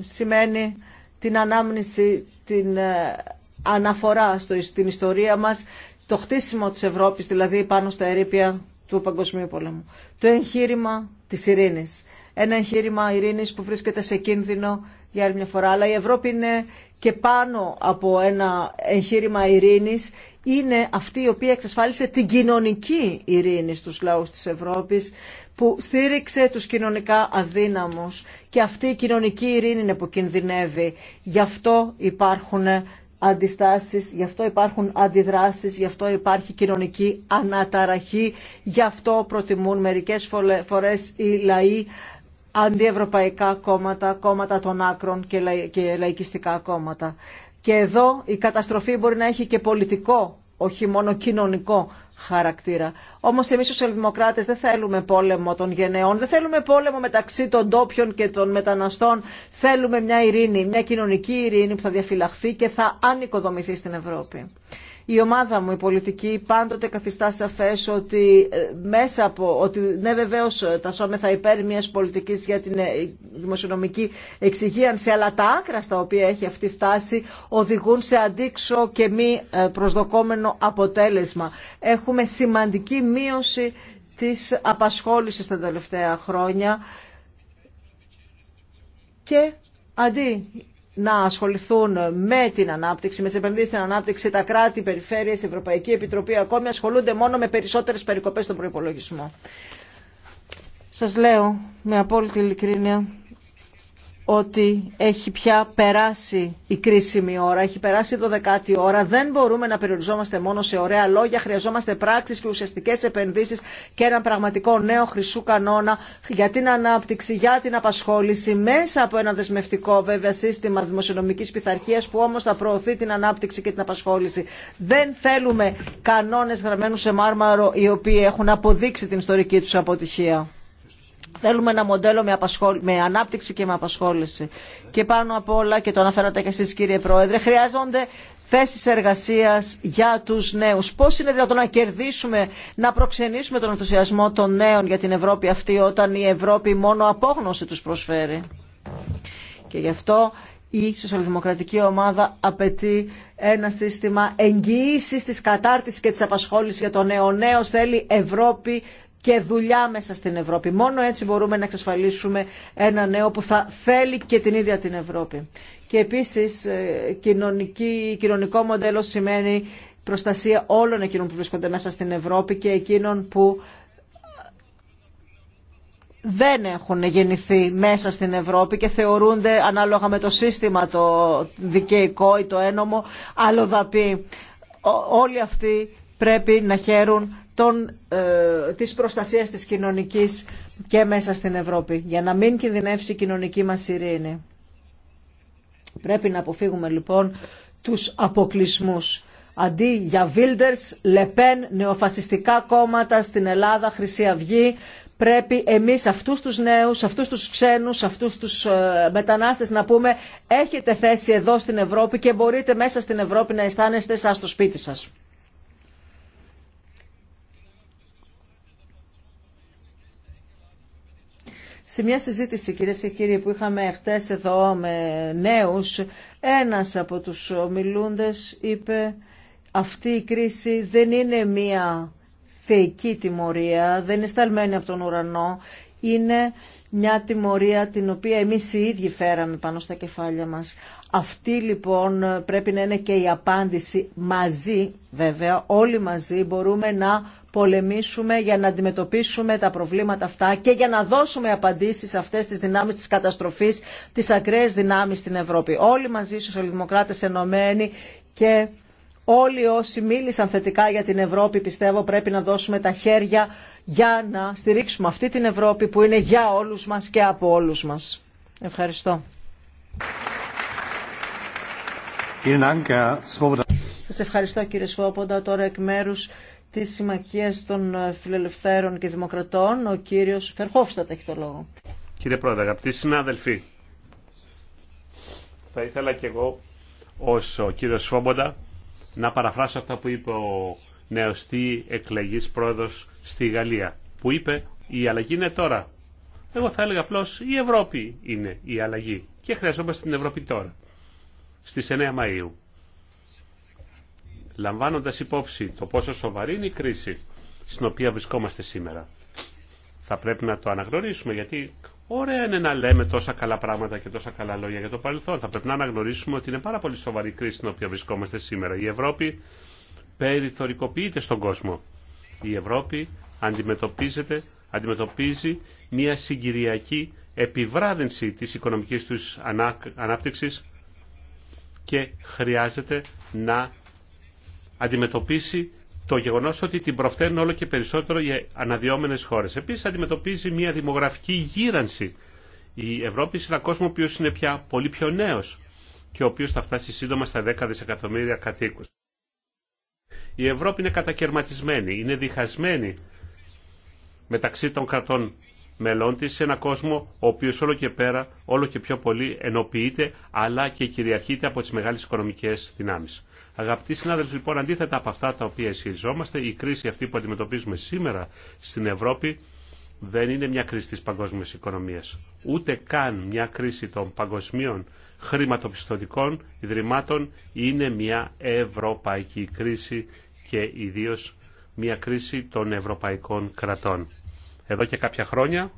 σημαίνει την ανάμνηση, την ε, αναφορά στο, στην ιστορία μας, το χτίσιμο της Ευρώπης, δηλαδή πάνω στα ερήπια του Παγκοσμίου Πολέμου. Το εγχείρημα της ειρήνης. Ένα εγχείρημα ειρήνης που βρίσκεται σε κίνδυνο για άλλη μια φορά, αλλά η Ευρώπη είναι και πάνω από ένα εγχείρημα ειρήνης, είναι αυτή η οποία εξασφάλισε την κοινωνική ειρήνη στους λαούς της Ευρώπης, που στήριξε τους κοινωνικά αδύναμους και αυτή η κοινωνική ειρήνη είναι που κινδυνεύει. Γι' αυτό υπάρχουν αντιστάσεις, γι' αυτό υπάρχουν αντιδράσεις, γι' αυτό υπάρχει κοινωνική αναταραχή, γι' αυτό προτιμούν μερικές φορές οι λαοί αντιευρωπαϊκά κόμματα, κόμματα των άκρων και, και λαϊκιστικά κόμματα. Και εδώ η καταστροφή μπορεί να έχει και πολιτικό, όχι μόνο κοινωνικό χαρακτήρα. Όμως εμείς ως ελληνοδημοκράτες δεν θέλουμε πόλεμο των γενεών, δεν θέλουμε πόλεμο μεταξύ των ντόπιων και των μεταναστών. Θέλουμε μια ειρήνη, μια κοινωνική ειρήνη που θα διαφυλαχθεί και θα ανοικοδομηθεί στην Ευρώπη. Η ομάδα μου, η πολιτική, πάντοτε καθιστά σαφέ ότι ε, μέσα ότι ναι, βεβαίω ε, τα σώμεθα υπέρ μια πολιτική για την ε, δημοσιονομική εξυγίανση, αλλά τα άκρα στα οποία έχει αυτή φτάσει οδηγούν σε αντίξω και μη προσδοκόμενο αποτέλεσμα. Έχουμε σημαντική μείωση της απασχόλησης τα τελευταία χρόνια και αντί να ασχοληθούν με την ανάπτυξη, με τι επενδύσει στην ανάπτυξη, τα κράτη, οι περιφέρειε, η Ευρωπαϊκή Επιτροπή ακόμη ασχολούνται μόνο με περισσότερε περικοπέ στον προπολογισμό. Σα λέω με απόλυτη ειλικρίνεια ότι έχει πια περάσει η κρίσιμη ώρα, έχει περάσει η δωδεκάτη ώρα. Δεν μπορούμε να περιοριζόμαστε μόνο σε ωραία λόγια. Χρειαζόμαστε πράξεις και ουσιαστικές επενδύσεις και έναν πραγματικό νέο χρυσού κανόνα για την ανάπτυξη, για την απασχόληση μέσα από ένα δεσμευτικό βέβαια σύστημα δημοσιονομικής πειθαρχία που όμως θα προωθεί την ανάπτυξη και την απασχόληση. Δεν θέλουμε κανόνες γραμμένου σε μάρμαρο οι οποίοι έχουν αποδείξει την ιστορική τους αποτυχία. Θέλουμε ένα μοντέλο με, με ανάπτυξη και με απασχόληση. Και πάνω απ' όλα, και το αναφέρατε και εσείς κύριε Πρόεδρε, χρειάζονται θέσεις εργασίας για τους νέους. Πώς είναι δυνατόν να κερδίσουμε, να προξενήσουμε τον ενθουσιασμό των νέων για την Ευρώπη αυτή, όταν η Ευρώπη μόνο απόγνωση τους προσφέρει. Και γι' αυτό η σοσιαλδημοκρατική ομάδα απαιτεί ένα σύστημα εγγύηση τη κατάρτιση και τη απασχόληση για το νέο. Ο νέο θέλει Ευρώπη και δουλειά μέσα στην Ευρώπη. Μόνο έτσι μπορούμε να εξασφαλίσουμε ένα νέο που θα θέλει και την ίδια την Ευρώπη. Και επίσης ε, κοινωνική, κοινωνικό μοντέλο σημαίνει προστασία όλων εκείνων που βρίσκονται μέσα στην Ευρώπη και εκείνων που δεν έχουν γεννηθεί μέσα στην Ευρώπη και θεωρούνται ανάλογα με το σύστημα το δικαιικό ή το ένομο πει, Όλοι αυτοί πρέπει να χαίρουν των, ε, της προστασίας της κοινωνικής και μέσα στην Ευρώπη, για να μην κινδυνεύσει η κοινωνική μας ειρήνη. Πρέπει να αποφύγουμε λοιπόν τους αποκλεισμού. Αντί για Βίλντερς, Λεπέν, νεοφασιστικά κόμματα στην Ελλάδα, Χρυσή Αυγή, πρέπει εμείς αυτούς τους νέους, αυτούς τους ξένους, αυτούς τους ε, μετανάστες να πούμε έχετε θέση εδώ στην Ευρώπη και μπορείτε μέσα στην Ευρώπη να αισθάνεστε στο σπίτι σας. Σε μια συζήτηση κυρίες και κύριοι που είχαμε χτες εδώ με νέους, ένας από τους ομιλούντες είπε αυτή η κρίση δεν είναι μια θεϊκή τιμωρία, δεν είναι σταλμένη από τον ουρανό, είναι μια τιμωρία την οποία εμείς οι ίδιοι φέραμε πάνω στα κεφάλια μας. Αυτή λοιπόν πρέπει να είναι και η απάντηση μαζί βέβαια, όλοι μαζί μπορούμε να πολεμήσουμε για να αντιμετωπίσουμε τα προβλήματα αυτά και για να δώσουμε απαντήσεις σε αυτές τις δυνάμεις της καταστροφής, τις ακραίες δυνάμεις στην Ευρώπη. Όλοι μαζί, σοσιαλδημοκράτες ενωμένοι και Όλοι όσοι μίλησαν θετικά για την Ευρώπη πιστεύω πρέπει να δώσουμε τα χέρια για να στηρίξουμε αυτή την Ευρώπη που είναι για όλους μας και από όλους μας. Ευχαριστώ. Σα ευχαριστώ κύριε Σφόποντα. Τώρα εκ μέρου τη συμμαχία των Φιλελευθέρων και Δημοκρατών ο κύριο Φερχόφστατ έχει το λόγο. Κύριε Πρόεδρε, αγαπητοί συνάδελφοι, θα ήθελα κι εγώ όσο ο κύριο Σφόποντα να παραφράσω αυτά που είπε ο νεοστή εκλεγής πρόεδρος στη Γαλλία, που είπε «Η αλλαγή είναι τώρα». Εγώ θα έλεγα απλώ η Ευρώπη είναι η αλλαγή και χρειαζόμαστε την Ευρώπη τώρα, στις 9 Μαΐου. Λαμβάνοντας υπόψη το πόσο σοβαρή είναι η κρίση στην οποία βρισκόμαστε σήμερα. Θα πρέπει να το αναγνωρίσουμε γιατί Ωραία είναι να λέμε τόσα καλά πράγματα και τόσα καλά λόγια για το παρελθόν. Θα πρέπει να αναγνωρίσουμε ότι είναι πάρα πολύ σοβαρή κρίση στην οποία βρισκόμαστε σήμερα. Η Ευρώπη περιθωρικοποιείται στον κόσμο. Η Ευρώπη αντιμετωπίζεται, αντιμετωπίζει μια συγκυριακή επιβράδυνση της οικονομικής τους ανάπτυξης και χρειάζεται να αντιμετωπίσει το γεγονό ότι την προφθαίνουν όλο και περισσότερο οι αναδυόμενε χώρε. Επίση, αντιμετωπίζει μια δημογραφική γύρανση. Η Ευρώπη είναι ένα κόσμο ο οποίο είναι πια πολύ πιο νέο και ο οποίο θα φτάσει σύντομα στα 10 δισεκατομμύρια κατοίκου. Η Ευρώπη είναι κατακαιρματισμένη, είναι διχασμένη μεταξύ των κρατών μελών της σε έναν κόσμο ο οποίος όλο και πέρα, όλο και πιο πολύ ενοποιείται αλλά και κυριαρχείται από τις μεγάλες οικονομικές δυνάμεις. Αγαπητοί συνάδελφοι, λοιπόν, αντίθετα από αυτά τα οποία ισχυριζόμαστε, η κρίση αυτή που αντιμετωπίζουμε σήμερα στην Ευρώπη δεν είναι μια κρίση της παγκόσμιας οικονομίας. Ούτε καν μια κρίση των παγκοσμίων χρηματοπιστωτικών ιδρυμάτων είναι μια ευρωπαϊκή κρίση και ιδίως μια κρίση των ευρωπαϊκών κρατών. Εδώ και κάποια χρόνια,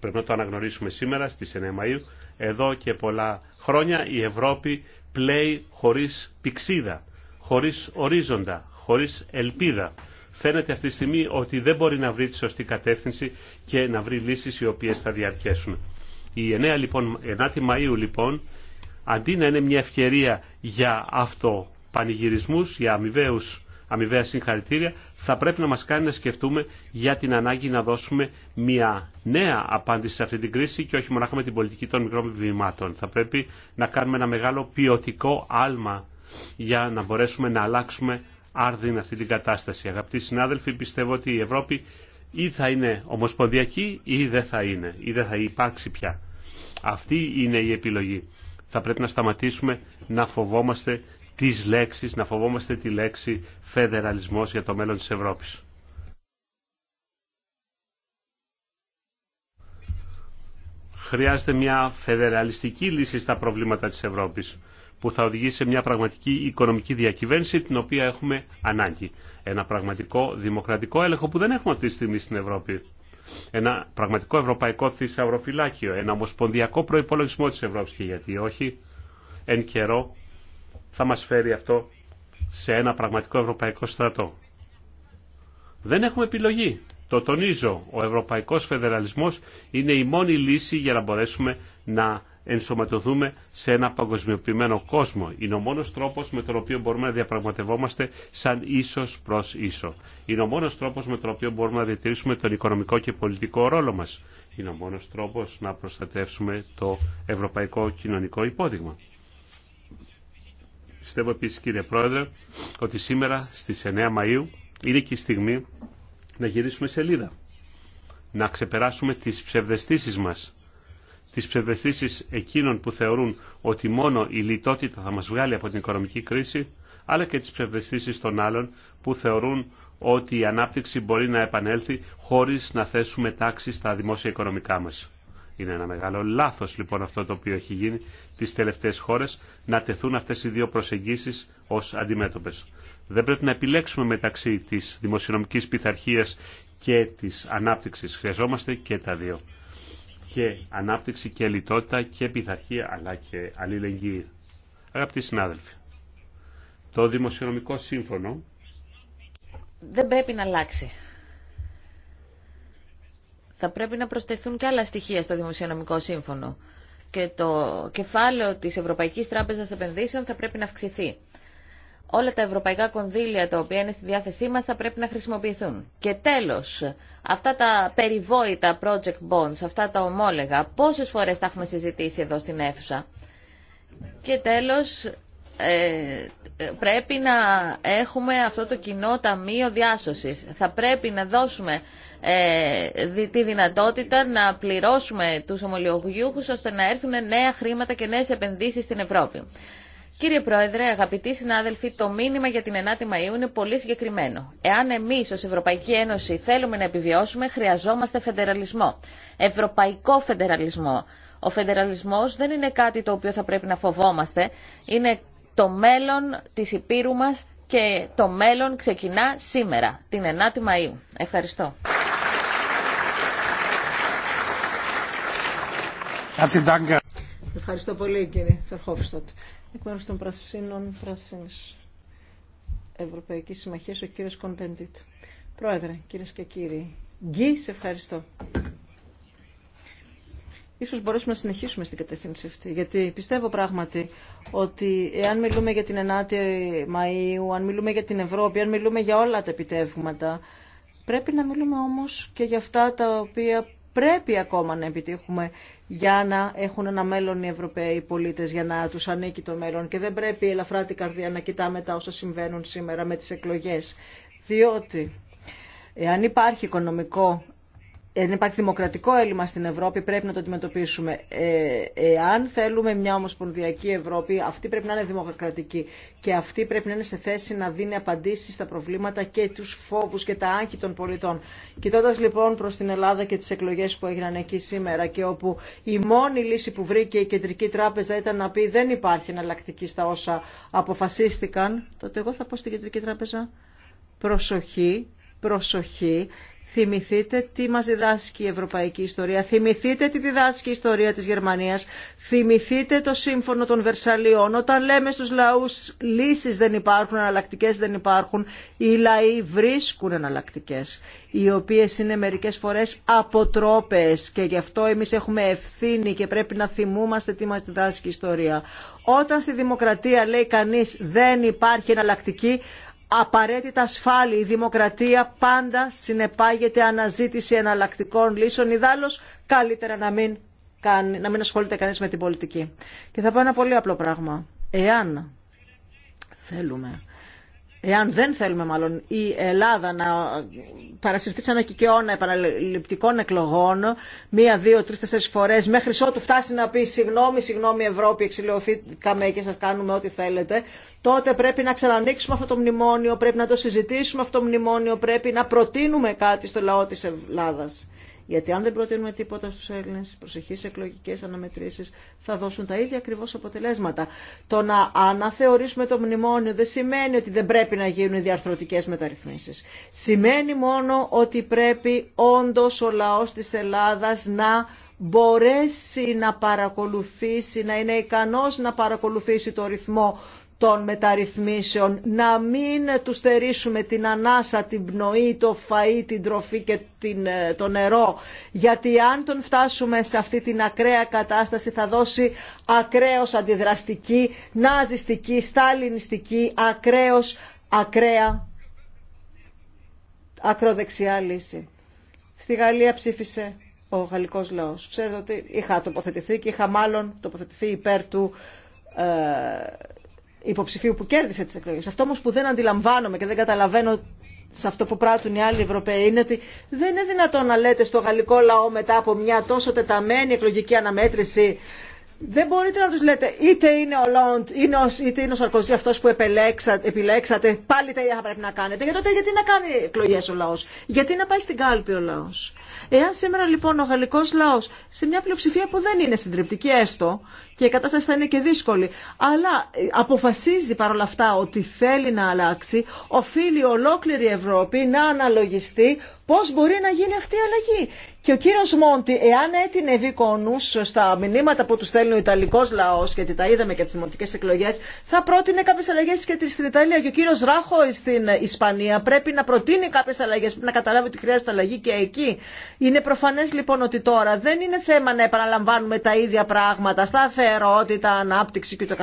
πρέπει να το αναγνωρίσουμε σήμερα στις 9 Μαΐου, εδώ και πολλά χρόνια η Ευρώπη πλέει χωρίς πηξίδα, χωρίς ορίζοντα, χωρίς ελπίδα. Φαίνεται αυτή τη στιγμή ότι δεν μπορεί να βρει τη σωστή κατεύθυνση και να βρει λύσεις οι οποίες θα διαρκέσουν. Η 9, λοιπόν, 9η Μαΐου λοιπόν, αντί να είναι μια ευκαιρία για αυτοπανηγυρισμούς, για αμοιβαίους αμοιβαία συγχαρητήρια, θα πρέπει να μας κάνει να σκεφτούμε για την ανάγκη να δώσουμε μια νέα απάντηση σε αυτή την κρίση και όχι μονάχα με την πολιτική των μικρών βημάτων. Θα πρέπει να κάνουμε ένα μεγάλο ποιοτικό άλμα για να μπορέσουμε να αλλάξουμε άρδιν αυτή την κατάσταση. Αγαπητοί συνάδελφοι, πιστεύω ότι η Ευρώπη ή θα είναι ομοσπονδιακή ή δεν θα είναι, ή δεν θα υπάρξει πια. Αυτή είναι η επιλογή. Θα πρέπει να σταματήσουμε να φοβόμαστε τις λέξεις, να φοβόμαστε τη λέξη φεδεραλισμός για το μέλλον της Ευρώπης. Χρειάζεται μια φεδεραλιστική λύση στα προβλήματα της Ευρώπης που θα οδηγήσει σε μια πραγματική οικονομική διακυβέρνηση την οποία έχουμε ανάγκη. Ένα πραγματικό δημοκρατικό έλεγχο που δεν έχουμε αυτή τη στιγμή στην Ευρώπη. Ένα πραγματικό ευρωπαϊκό θησαυροφυλάκιο, ένα ομοσπονδιακό προπολογισμό τη Ευρώπη και γιατί όχι, εν καιρό θα μας φέρει αυτό σε ένα πραγματικό ευρωπαϊκό στρατό. Δεν έχουμε επιλογή. Το τονίζω, ο ευρωπαϊκός φεδεραλισμός είναι η μόνη λύση για να μπορέσουμε να ενσωματωθούμε σε ένα παγκοσμιοποιημένο κόσμο. Είναι ο μόνος τρόπος με τον οποίο μπορούμε να διαπραγματευόμαστε σαν ίσος προς ίσο. Είναι ο μόνος τρόπος με τον οποίο μπορούμε να διατηρήσουμε τον οικονομικό και πολιτικό ρόλο μας. Είναι ο μόνος τρόπος να προστατεύσουμε το ευρωπαϊκό κοινωνικό υπόδειγμα. Πιστεύω επίσης κύριε Πρόεδρε ότι σήμερα στις 9 Μαΐου είναι και η στιγμή να γυρίσουμε σελίδα. Να ξεπεράσουμε τις ψευδεστήσεις μας. Τις ψευδεστήσεις εκείνων που θεωρούν ότι μόνο η λιτότητα θα μας βγάλει από την οικονομική κρίση αλλά και τις ψευδεστήσεις των άλλων που θεωρούν ότι η ανάπτυξη μπορεί να επανέλθει χωρίς να θέσουμε τάξη στα δημόσια οικονομικά μας. Είναι ένα μεγάλο λάθος λοιπόν αυτό το οποίο έχει γίνει τις τελευταίες χώρε να τεθούν αυτές οι δύο προσεγγίσεις ως αντιμέτωπε. Δεν πρέπει να επιλέξουμε μεταξύ της δημοσιονομικής πειθαρχία και της ανάπτυξης. Χρειαζόμαστε και τα δύο. Και ανάπτυξη και λιτότητα και πειθαρχία αλλά και αλληλεγγύη. Αγαπητοί συνάδελφοι, το δημοσιονομικό σύμφωνο δεν πρέπει να αλλάξει θα πρέπει να προσθεθούν και άλλα στοιχεία στο Δημοσιονομικό Σύμφωνο και το κεφάλαιο της Ευρωπαϊκής Τράπεζας Επενδύσεων θα πρέπει να αυξηθεί. Όλα τα ευρωπαϊκά κονδύλια τα οποία είναι στη διάθεσή μας θα πρέπει να χρησιμοποιηθούν. Και τέλος, αυτά τα περιβόητα project bonds, αυτά τα ομόλεγα, πόσες φορές τα έχουμε συζητήσει εδώ στην αίθουσα. Και τέλο ε, πρέπει να έχουμε αυτό το κοινό ταμείο διάσωσης. Θα πρέπει να δώσουμε ε, τη δυνατότητα να πληρώσουμε τους ομολογιούχους ώστε να έρθουν νέα χρήματα και νέες επενδύσεις στην Ευρώπη. Κύριε Πρόεδρε, αγαπητοί συνάδελφοι, το μήνυμα για την 9η Μαΐου είναι πολύ συγκεκριμένο. Εάν εμείς ως Ευρωπαϊκή Ένωση θέλουμε να επιβιώσουμε, χρειαζόμαστε φεντεραλισμό. Ευρωπαϊκό φεντεραλισμό. Ο φεντεραλισμός δεν είναι κάτι το οποίο θα πρέπει να φοβόμαστε. Είναι το μέλλον τη Υπήρου μα και το μέλλον ξεκινά σήμερα, την 9η Μαΐου. Ευχαριστώ. Ευχαριστώ πολύ κύριε Φερχόφστατ. Εκ μέρους των Πρασίνων Πράσινης Ευρωπαϊκής Συμμαχίας, ο κύριος Κονπέντιτ. Πρόεδρε, κυρίε και κύριοι, γκί, σε ευχαριστώ. Ίσως μπορέσουμε να συνεχίσουμε στην κατεύθυνση αυτή, γιατί πιστεύω πράγματι ότι εάν μιλούμε για την 9η Μαΐου, αν μιλούμε για την Ευρώπη, αν μιλούμε για όλα τα επιτεύγματα, πρέπει να μιλούμε όμως και για αυτά τα οποία πρέπει ακόμα να επιτύχουμε για να έχουν ένα μέλλον οι Ευρωπαίοι πολίτες, για να τους ανήκει το μέλλον. Και δεν πρέπει ελαφρά την καρδία να κοιτάμε τα όσα συμβαίνουν σήμερα με τις εκλογές. Διότι εάν υπάρχει οικονομικό Εάν υπάρχει δημοκρατικό έλλειμμα στην Ευρώπη, πρέπει να το αντιμετωπίσουμε. Ε, εάν θέλουμε μια ομοσπονδιακή Ευρώπη, αυτή πρέπει να είναι δημοκρατική και αυτή πρέπει να είναι σε θέση να δίνει απαντήσει στα προβλήματα και του φόβου και τα άγχη των πολιτών. Κοιτώντα λοιπόν προ την Ελλάδα και τι εκλογέ που έγιναν εκεί σήμερα και όπου η μόνη λύση που βρήκε η Κεντρική Τράπεζα ήταν να πει δεν υπάρχει εναλλακτική στα όσα αποφασίστηκαν, τότε εγώ θα πω στην Κεντρική Τράπεζα προσοχή, προσοχή, Θυμηθείτε τι μας διδάσκει η ευρωπαϊκή ιστορία. Θυμηθείτε τι διδάσκει η ιστορία της Γερμανίας. Θυμηθείτε το σύμφωνο των Βερσαλιών. Όταν λέμε στους λαούς λύσεις δεν υπάρχουν, εναλλακτικέ δεν υπάρχουν, οι λαοί βρίσκουν εναλλακτικέ, οι οποίες είναι μερικές φορές αποτρόπες και γι' αυτό εμείς έχουμε ευθύνη και πρέπει να θυμούμαστε τι μας διδάσκει η ιστορία. Όταν στη δημοκρατία λέει κανείς δεν υπάρχει εναλλακτική, απαραίτητα ασφάλει. Η δημοκρατία πάντα συνεπάγεται αναζήτηση εναλλακτικών λύσεων. Ιδάλως, καλύτερα να μην, να μην ασχολείται κανείς με την πολιτική. Και θα πω ένα πολύ απλό πράγμα. Εάν θέλουμε εάν δεν θέλουμε μάλλον η Ελλάδα να παρασυρθεί σαν ένα κικαιώνα επαναληπτικών εκλογών, μία, δύο, τρει, τέσσερι φορέ, μέχρι ότου φτάσει να πει συγγνώμη, συγγνώμη Ευρώπη, εξηλαιωθήκαμε και σα κάνουμε ό,τι θέλετε, τότε πρέπει να ξανανοίξουμε αυτό το μνημόνιο, πρέπει να το συζητήσουμε αυτό το μνημόνιο, πρέπει να προτείνουμε κάτι στο λαό τη Ελλάδα. Γιατί αν δεν προτείνουμε τίποτα στους Έλληνες, οι προσεχείς εκλογικές αναμετρήσεις, θα δώσουν τα ίδια ακριβώς αποτελέσματα. Το να αναθεωρήσουμε το μνημόνιο δεν σημαίνει ότι δεν πρέπει να γίνουν οι διαρθρωτικές μεταρρυθμίσεις. Σημαίνει μόνο ότι πρέπει όντως ο λαός της Ελλάδας να μπορέσει να παρακολουθήσει, να είναι ικανός να παρακολουθήσει το ρυθμό των μεταρρυθμίσεων, να μην του στερήσουμε την ανάσα, την πνοή, το φαΐ, την τροφή και την, ε, το νερό. Γιατί αν τον φτάσουμε σε αυτή την ακραία κατάσταση θα δώσει ακραίως αντιδραστική, ναζιστική, σταλινιστική, ακραίως ακραία ακροδεξιά λύση. Στη Γαλλία ψήφισε ο γαλλικός λαός. Ξέρετε ότι είχα τοποθετηθεί και είχα μάλλον τοποθετηθεί υπέρ του ε, υποψηφίου που κέρδισε τις εκλογές. Αυτό όμως που δεν αντιλαμβάνομαι και δεν καταλαβαίνω σε αυτό που πράττουν οι άλλοι Ευρωπαίοι είναι ότι δεν είναι δυνατόν να λέτε στο γαλλικό λαό μετά από μια τόσο τεταμένη εκλογική αναμέτρηση δεν μπορείτε να του λέτε είτε είναι ο Λόντ είτε είναι ο Σαρκοζή αυτός που επιλέξατε, πάλι τα ίδια θα πρέπει να κάνετε. Γιατί τότε γιατί να κάνει εκλογέ ο λαό. Γιατί να πάει στην κάλπη ο λαό. Εάν σήμερα λοιπόν ο γαλλικό λαό σε μια πλειοψηφία που δεν είναι συντριπτική έστω και η κατάσταση θα είναι και δύσκολη αλλά ε, αποφασίζει παρόλα αυτά ότι θέλει να αλλάξει οφείλει ολόκληρη η Ευρώπη να αναλογιστεί πώς μπορεί να γίνει αυτή η αλλαγή. Και ο κύριος Μόντι, εάν έτεινε βικονούς στα μηνύματα που του στέλνει ο Ιταλικός λαός, γιατί τα είδαμε και τις δημοτικές εκλογές, θα πρότεινε κάποιες αλλαγές και στην Ιταλία. Και ο κύριος Ράχο στην Ισπανία πρέπει να προτείνει κάποιες αλλαγές, να καταλάβει ότι χρειάζεται αλλαγή και εκεί. Είναι προφανές λοιπόν ότι τώρα δεν είναι θέμα να επαναλαμβάνουμε τα ίδια πράγματα, σταθερότητα, ανάπτυξη κ.ο.κ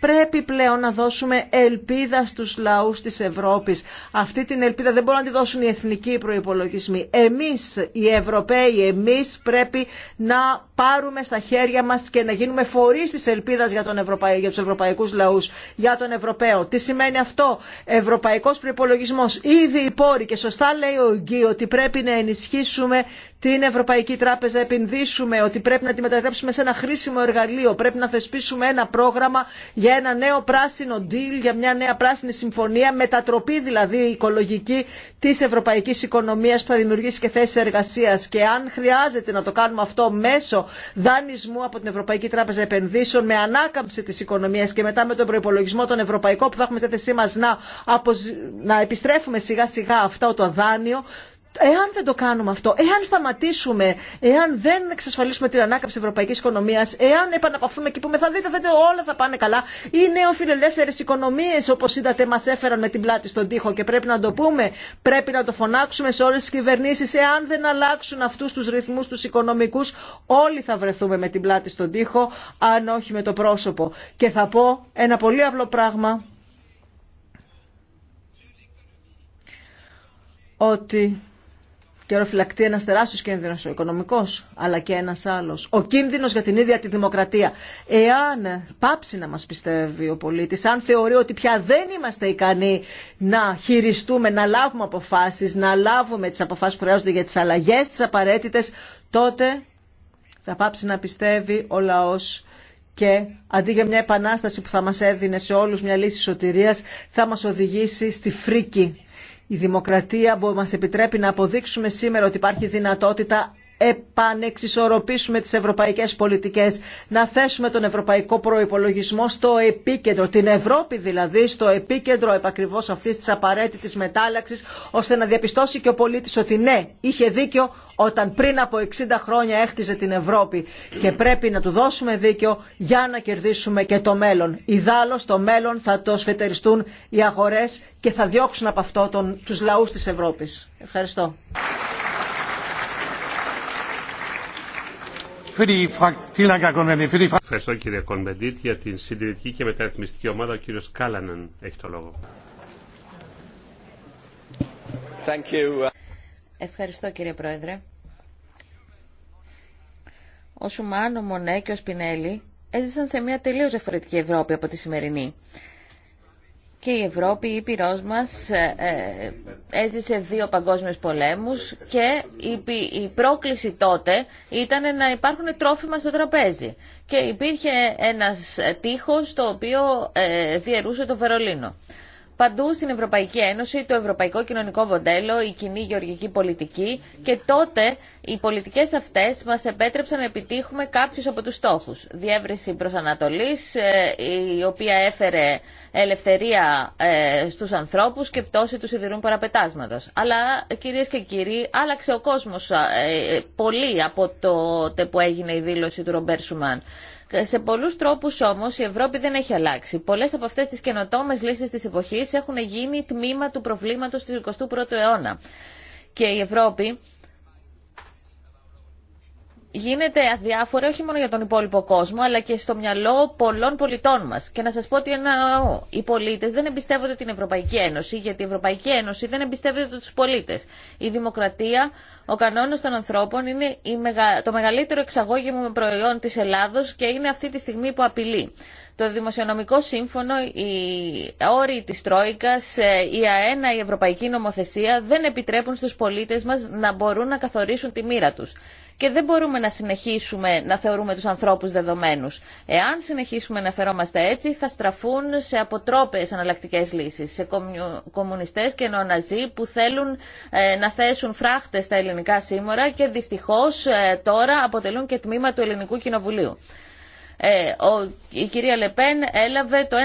πρέπει πλέον να δώσουμε ελπίδα στους λαούς της Ευρώπης. Αυτή την ελπίδα δεν μπορούν να τη δώσουν οι εθνικοί προϋπολογισμοί. Εμείς οι Ευρωπαίοι, εμείς πρέπει να πάρουμε στα χέρια μας και να γίνουμε φορείς της ελπίδας για, τον Ευρωπαϊκού για τους ευρωπαϊκούς λαούς, για τον Ευρωπαίο. Τι σημαίνει αυτό, ευρωπαϊκός προπολογισμό. ήδη η και σωστά λέει ο Γκί ότι πρέπει να ενισχύσουμε την Ευρωπαϊκή Τράπεζα, επενδύσουμε, ότι πρέπει να τη μετατρέψουμε σε ένα χρήσιμο εργαλείο, πρέπει να θεσπίσουμε ένα πρόγραμμα για ένα νέο πράσινο deal, για μια νέα πράσινη συμφωνία, μετατροπή δηλαδή οικολογική τη ευρωπαϊκή οικονομία που θα δημιουργήσει και θέσει εργασία. Και αν χρειάζεται να το κάνουμε αυτό μέσω δανεισμού από την Ευρωπαϊκή Τράπεζα Επενδύσεων με ανάκαμψη τη οικονομία και μετά με τον προπολογισμό τον ευρωπαϊκό που θα έχουμε στη θέσή μα να, να επιστρέφουμε σιγά σιγά αυτό το δάνειο Εάν δεν το κάνουμε αυτό, εάν σταματήσουμε, εάν δεν εξασφαλίσουμε την ανάκαμψη ευρωπαϊκή οικονομία, εάν επαναπαυθούμε και πούμε θα δείτε, θα δείτε όλα θα πάνε καλά, οι νεοφιλελεύθερε οικονομίε όπω είδατε μα έφεραν με την πλάτη στον τοίχο και πρέπει να το πούμε, πρέπει να το φωνάξουμε σε όλε τι κυβερνήσει, εάν δεν αλλάξουν αυτού του ρυθμού του οικονομικού, όλοι θα βρεθούμε με την πλάτη στον τοίχο, αν όχι με το πρόσωπο. Και θα πω ένα πολύ απλό πράγμα. Ότι και οροφυλακτεί ένα τεράστιο κίνδυνο, ο οικονομικό, αλλά και ένα άλλο. Ο κίνδυνο για την ίδια τη δημοκρατία. Εάν πάψει να μα πιστεύει ο πολίτη, αν θεωρεί ότι πια δεν είμαστε ικανοί να χειριστούμε, να λάβουμε αποφάσει, να λάβουμε τι αποφάσει που χρειάζονται για τι αλλαγέ, τι απαραίτητε, τότε θα πάψει να πιστεύει ο λαό και αντί για μια επανάσταση που θα μας έδινε σε όλους μια λύση σωτηρίας θα μας οδηγήσει στη φρίκη η δημοκρατία που μας επιτρέπει να αποδείξουμε σήμερα ότι υπάρχει δυνατότητα επανεξισορροπήσουμε τις ευρωπαϊκές πολιτικές, να θέσουμε τον ευρωπαϊκό προϋπολογισμό στο επίκεντρο, την Ευρώπη δηλαδή, στο επίκεντρο επακριβώς αυτής της απαραίτητης μετάλλαξης, ώστε να διαπιστώσει και ο πολίτης ότι ναι, είχε δίκιο όταν πριν από 60 χρόνια έχτιζε την Ευρώπη και πρέπει να του δώσουμε δίκιο για να κερδίσουμε και το μέλλον. Ιδάλλως το μέλλον θα το σφετεριστούν οι αγορές και θα διώξουν από αυτό τον, τους λαούς της Ευρώπης. Ευχαριστώ. Ευχαριστώ κύριε Κονβεντίτ για την συντηρητική και μεταρρυθμιστική ομάδα. Ο κύριος Κάλανεν έχει το λόγο. Ευχαριστώ κύριε Πρόεδρε. Ο Σουμάν, ο Μονέ και ο Σπινέλη έζησαν σε μια τελείως διαφορετική Ευρώπη από τη σημερινή και η Ευρώπη, η Ήπειρός μας, ε, ε, έζησε δύο παγκόσμιους πολέμους και η πρόκληση τότε ήταν να υπάρχουν τρόφιμα στο τραπέζι. Και υπήρχε ένας τείχος το οποίο ε, διαιρούσε το Βερολίνο παντού στην Ευρωπαϊκή Ένωση το ευρωπαϊκό κοινωνικό μοντέλο, η κοινή γεωργική πολιτική και τότε οι πολιτικές αυτές μας επέτρεψαν να επιτύχουμε κάποιους από τους στόχους. Διεύρυνση προς Ανατολής, ε, η οποία έφερε ελευθερία ε, στους ανθρώπους και πτώση του σιδηρού παραπετάσματος. Αλλά κυρίες και κύριοι, άλλαξε ο κόσμος ε, πολύ από τότε που έγινε η δήλωση του Ρομπέρ Σουμάν. Σε πολλού τρόπου όμω η Ευρώπη δεν έχει αλλάξει. Πολλέ από αυτέ τι καινοτόμε λύσει τη εποχή έχουν γίνει τμήμα του προβλήματο του 21ου αιώνα. Και η Ευρώπη γίνεται αδιάφορο όχι μόνο για τον υπόλοιπο κόσμο, αλλά και στο μυαλό πολλών πολιτών μα. Και να σα πω ότι Οι πολίτε δεν εμπιστεύονται την Ευρωπαϊκή Ένωση, γιατί η Ευρωπαϊκή Ένωση δεν εμπιστεύεται του πολίτε. Η δημοκρατία, ο κανόνα των ανθρώπων είναι η το μεγαλύτερο εξαγώγημο προϊόν τη Ελλάδο και είναι αυτή τη στιγμή που απειλεί. Το Δημοσιονομικό Σύμφωνο, οι όροι της Τρόικας, ε, η ΑΕΝΑ, η Ευρωπαϊκή Νομοθεσία δεν επιτρέπουν στους πολίτες μας να μπορούν να καθορίσουν τη μοίρα τους και δεν μπορούμε να συνεχίσουμε να θεωρούμε τους ανθρώπους δεδομένους. Εάν συνεχίσουμε να φερόμαστε έτσι θα στραφούν σε αποτρόπες αναλλακτικέ λύσεις, σε κομμουνιστές και νοναζί που θέλουν ε, να θέσουν φράχτες στα ελληνικά σύμμορα και δυστυχώς ε, τώρα αποτελούν και τμήμα του Ελληνικού Κοινοβουλίου. Ε, η κυρία Λεπέν έλαβε το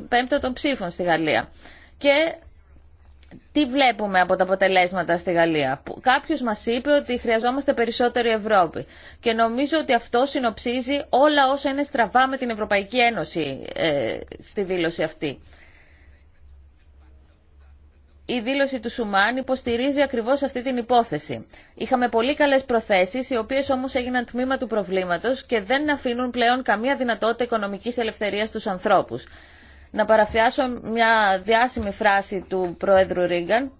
1 πέμπτο των ψήφων στη Γαλλία. Και τι βλέπουμε από τα αποτελέσματα στη Γαλλία. Κάποιος μας είπε ότι χρειαζόμαστε περισσότερη Ευρώπη. Και νομίζω ότι αυτό συνοψίζει όλα όσα είναι στραβά με την Ευρωπαϊκή Ένωση ε, στη δήλωση αυτή. Η δήλωση του Σουμάν υποστηρίζει ακριβώς αυτή την υπόθεση. Είχαμε πολύ καλές προθέσεις, οι οποίες όμως έγιναν τμήμα του προβλήματος και δεν αφήνουν πλέον καμία δυνατότητα οικονομικής ελευθερίας στους ανθρώπους να παραφιάσω μια διάσημη φράση του Πρόεδρου Ρίγκαν.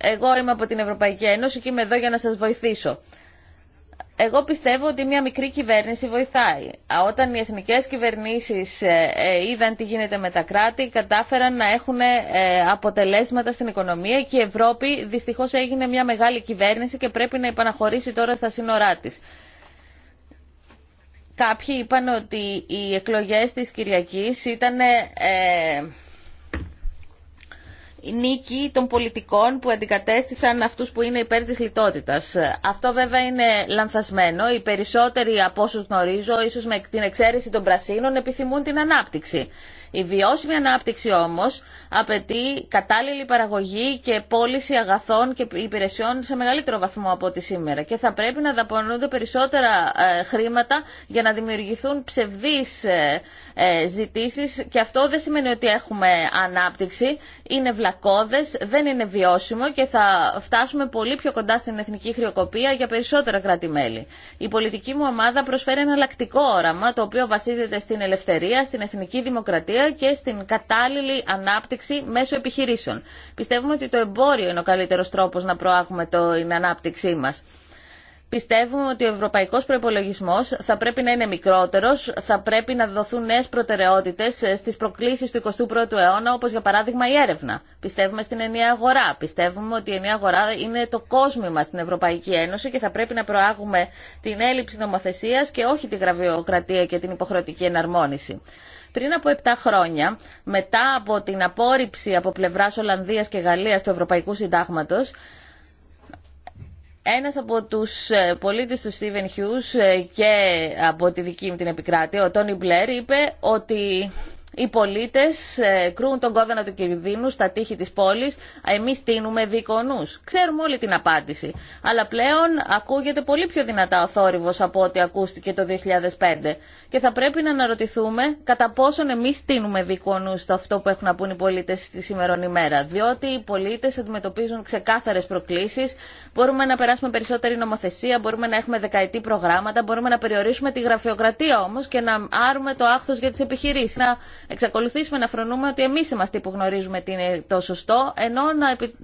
Εγώ είμαι από την Ευρωπαϊκή Ένωση και είμαι εδώ για να σας βοηθήσω. Εγώ πιστεύω ότι μια μικρή κυβέρνηση βοηθάει. Όταν οι εθνικές κυβερνήσεις ε, ε, είδαν τι γίνεται με τα κράτη, κατάφεραν να έχουν ε, αποτελέσματα στην οικονομία και η Ευρώπη δυστυχώς έγινε μια μεγάλη κυβέρνηση και πρέπει να υπαναχωρήσει τώρα στα σύνορά της. Κάποιοι είπαν ότι οι εκλογές της Κυριακής ήταν ε, η νίκη των πολιτικών που αντικατέστησαν αυτούς που είναι υπέρ της λιτότητας. Αυτό βέβαια είναι λανθασμένο. Οι περισσότεροι από όσους γνωρίζω, ίσως με την εξαίρεση των πρασίνων, επιθυμούν την ανάπτυξη. Η βιώσιμη ανάπτυξη όμως απαιτεί κατάλληλη παραγωγή και πώληση αγαθών και υπηρεσιών σε μεγαλύτερο βαθμό από ό,τι σήμερα. Και θα πρέπει να δαπανούνται περισσότερα ε, χρήματα για να δημιουργηθούν ψευδείς ε, ε, ζητήσεις και αυτό δεν σημαίνει ότι έχουμε ανάπτυξη είναι βλακώδες, δεν είναι βιώσιμο και θα φτάσουμε πολύ πιο κοντά στην εθνική χρεοκοπία για περισσότερα κράτη-μέλη. Η πολιτική μου ομάδα προσφέρει ένα λακτικό όραμα, το οποίο βασίζεται στην ελευθερία, στην εθνική δημοκρατία και στην κατάλληλη ανάπτυξη μέσω επιχειρήσεων. Πιστεύουμε ότι το εμπόριο είναι ο καλύτερο τρόπο να προάγουμε την ανάπτυξή μα. Πιστεύουμε ότι ο ευρωπαϊκός προϋπολογισμός θα πρέπει να είναι μικρότερος, θα πρέπει να δοθούν νέες προτεραιότητες στις προκλήσεις του 21ου αιώνα, όπως για παράδειγμα η έρευνα. Πιστεύουμε στην ενιαία αγορά. Πιστεύουμε ότι η ενιαία αγορά είναι το μας στην Ευρωπαϊκή Ένωση και θα πρέπει να προάγουμε την έλλειψη νομοθεσίας και όχι τη γραβειοκρατία και την υποχρεωτική εναρμόνιση. Πριν από 7 χρόνια, μετά από την απόρριψη από πλευρά Ολλανδίας και Γαλλίας του Ευρωπαϊκού Συντάγματος, ένας από τους ε, πολίτες του Στίβεν Χιούς ε, και από τη δική μου την επικράτεια, ο Τόνι Μπλερ, είπε ότι οι πολίτες ε, κρούν τον κόδωνα του κινδύνου στα τείχη της πόλης, εμεί τίνουμε δίκονου. Ξέρουμε όλη την απάντηση. Αλλά πλέον ακούγεται πολύ πιο δυνατά ο θόρυβο από ό,τι ακούστηκε το 2005. Και θα πρέπει να αναρωτηθούμε κατά πόσον εμεί τίνουμε δίκονου στο αυτό που έχουν να πούν οι πολίτες στη σημερινή ημέρα. Διότι οι πολίτε αντιμετωπίζουν ξεκάθαρες προκλήσει. Μπορούμε να περάσουμε περισσότερη νομοθεσία, μπορούμε να έχουμε δεκαετή προγράμματα, μπορούμε να περιορίσουμε τη γραφειοκρατία όμω και να άρουμε το άχθο για τι επιχειρήσει. Να εξακολουθήσουμε να φρονούμε ότι εμεί είμαστε που γνωρίζουμε τι είναι το σωστό, ενώ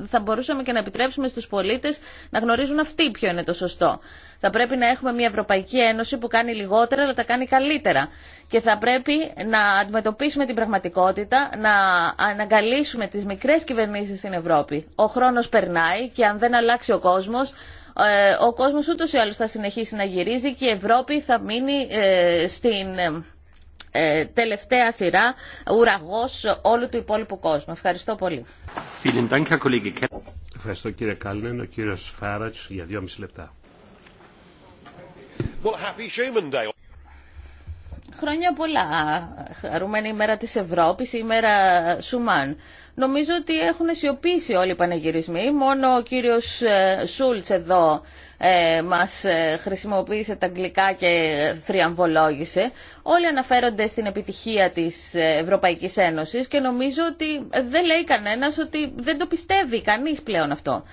θα μπορούσαμε και να επιτρέψουμε στου πολίτε να γνωρίζουν αυτοί ποιο είναι το σωστό. Θα πρέπει να έχουμε μια Ευρωπαϊκή Ένωση που κάνει λιγότερα αλλά τα κάνει καλύτερα. Και θα πρέπει να αντιμετωπίσουμε την πραγματικότητα, να αναγκαλίσουμε τι μικρέ κυβερνήσει στην Ευρώπη. Ο χρόνο περνάει και αν δεν αλλάξει ο κόσμο, ε, ο κόσμος ούτως ή άλλως θα συνεχίσει να γυρίζει και η Ευρώπη θα μείνει ε, στην ε, ε, τελευταία σειρά ουραγός όλου του υπόλοιπου κόσμου. Ευχαριστώ πολύ. Ευχαριστώ κύριε Κάλνεν. Ο κύριος Φάρατς για δύο μισή λεπτά. Well, happy Day. Χρόνια πολλά. Χαρούμενη ημέρα της Ευρώπης, η ημέρα Σουμάν. Νομίζω ότι έχουν σιωπήσει όλοι οι πανεγυρισμοί. Μόνο ο κύριος ε, Σούλτς εδώ ε, μας ε, χρησιμοποίησε τα αγγλικά και θριαμβολόγησε. Όλοι αναφέρονται στην επιτυχία της Ευρωπαϊκής Ένωσης και νομίζω ότι δεν λέει κανένας ότι δεν το πιστεύει κανείς πλέον αυτό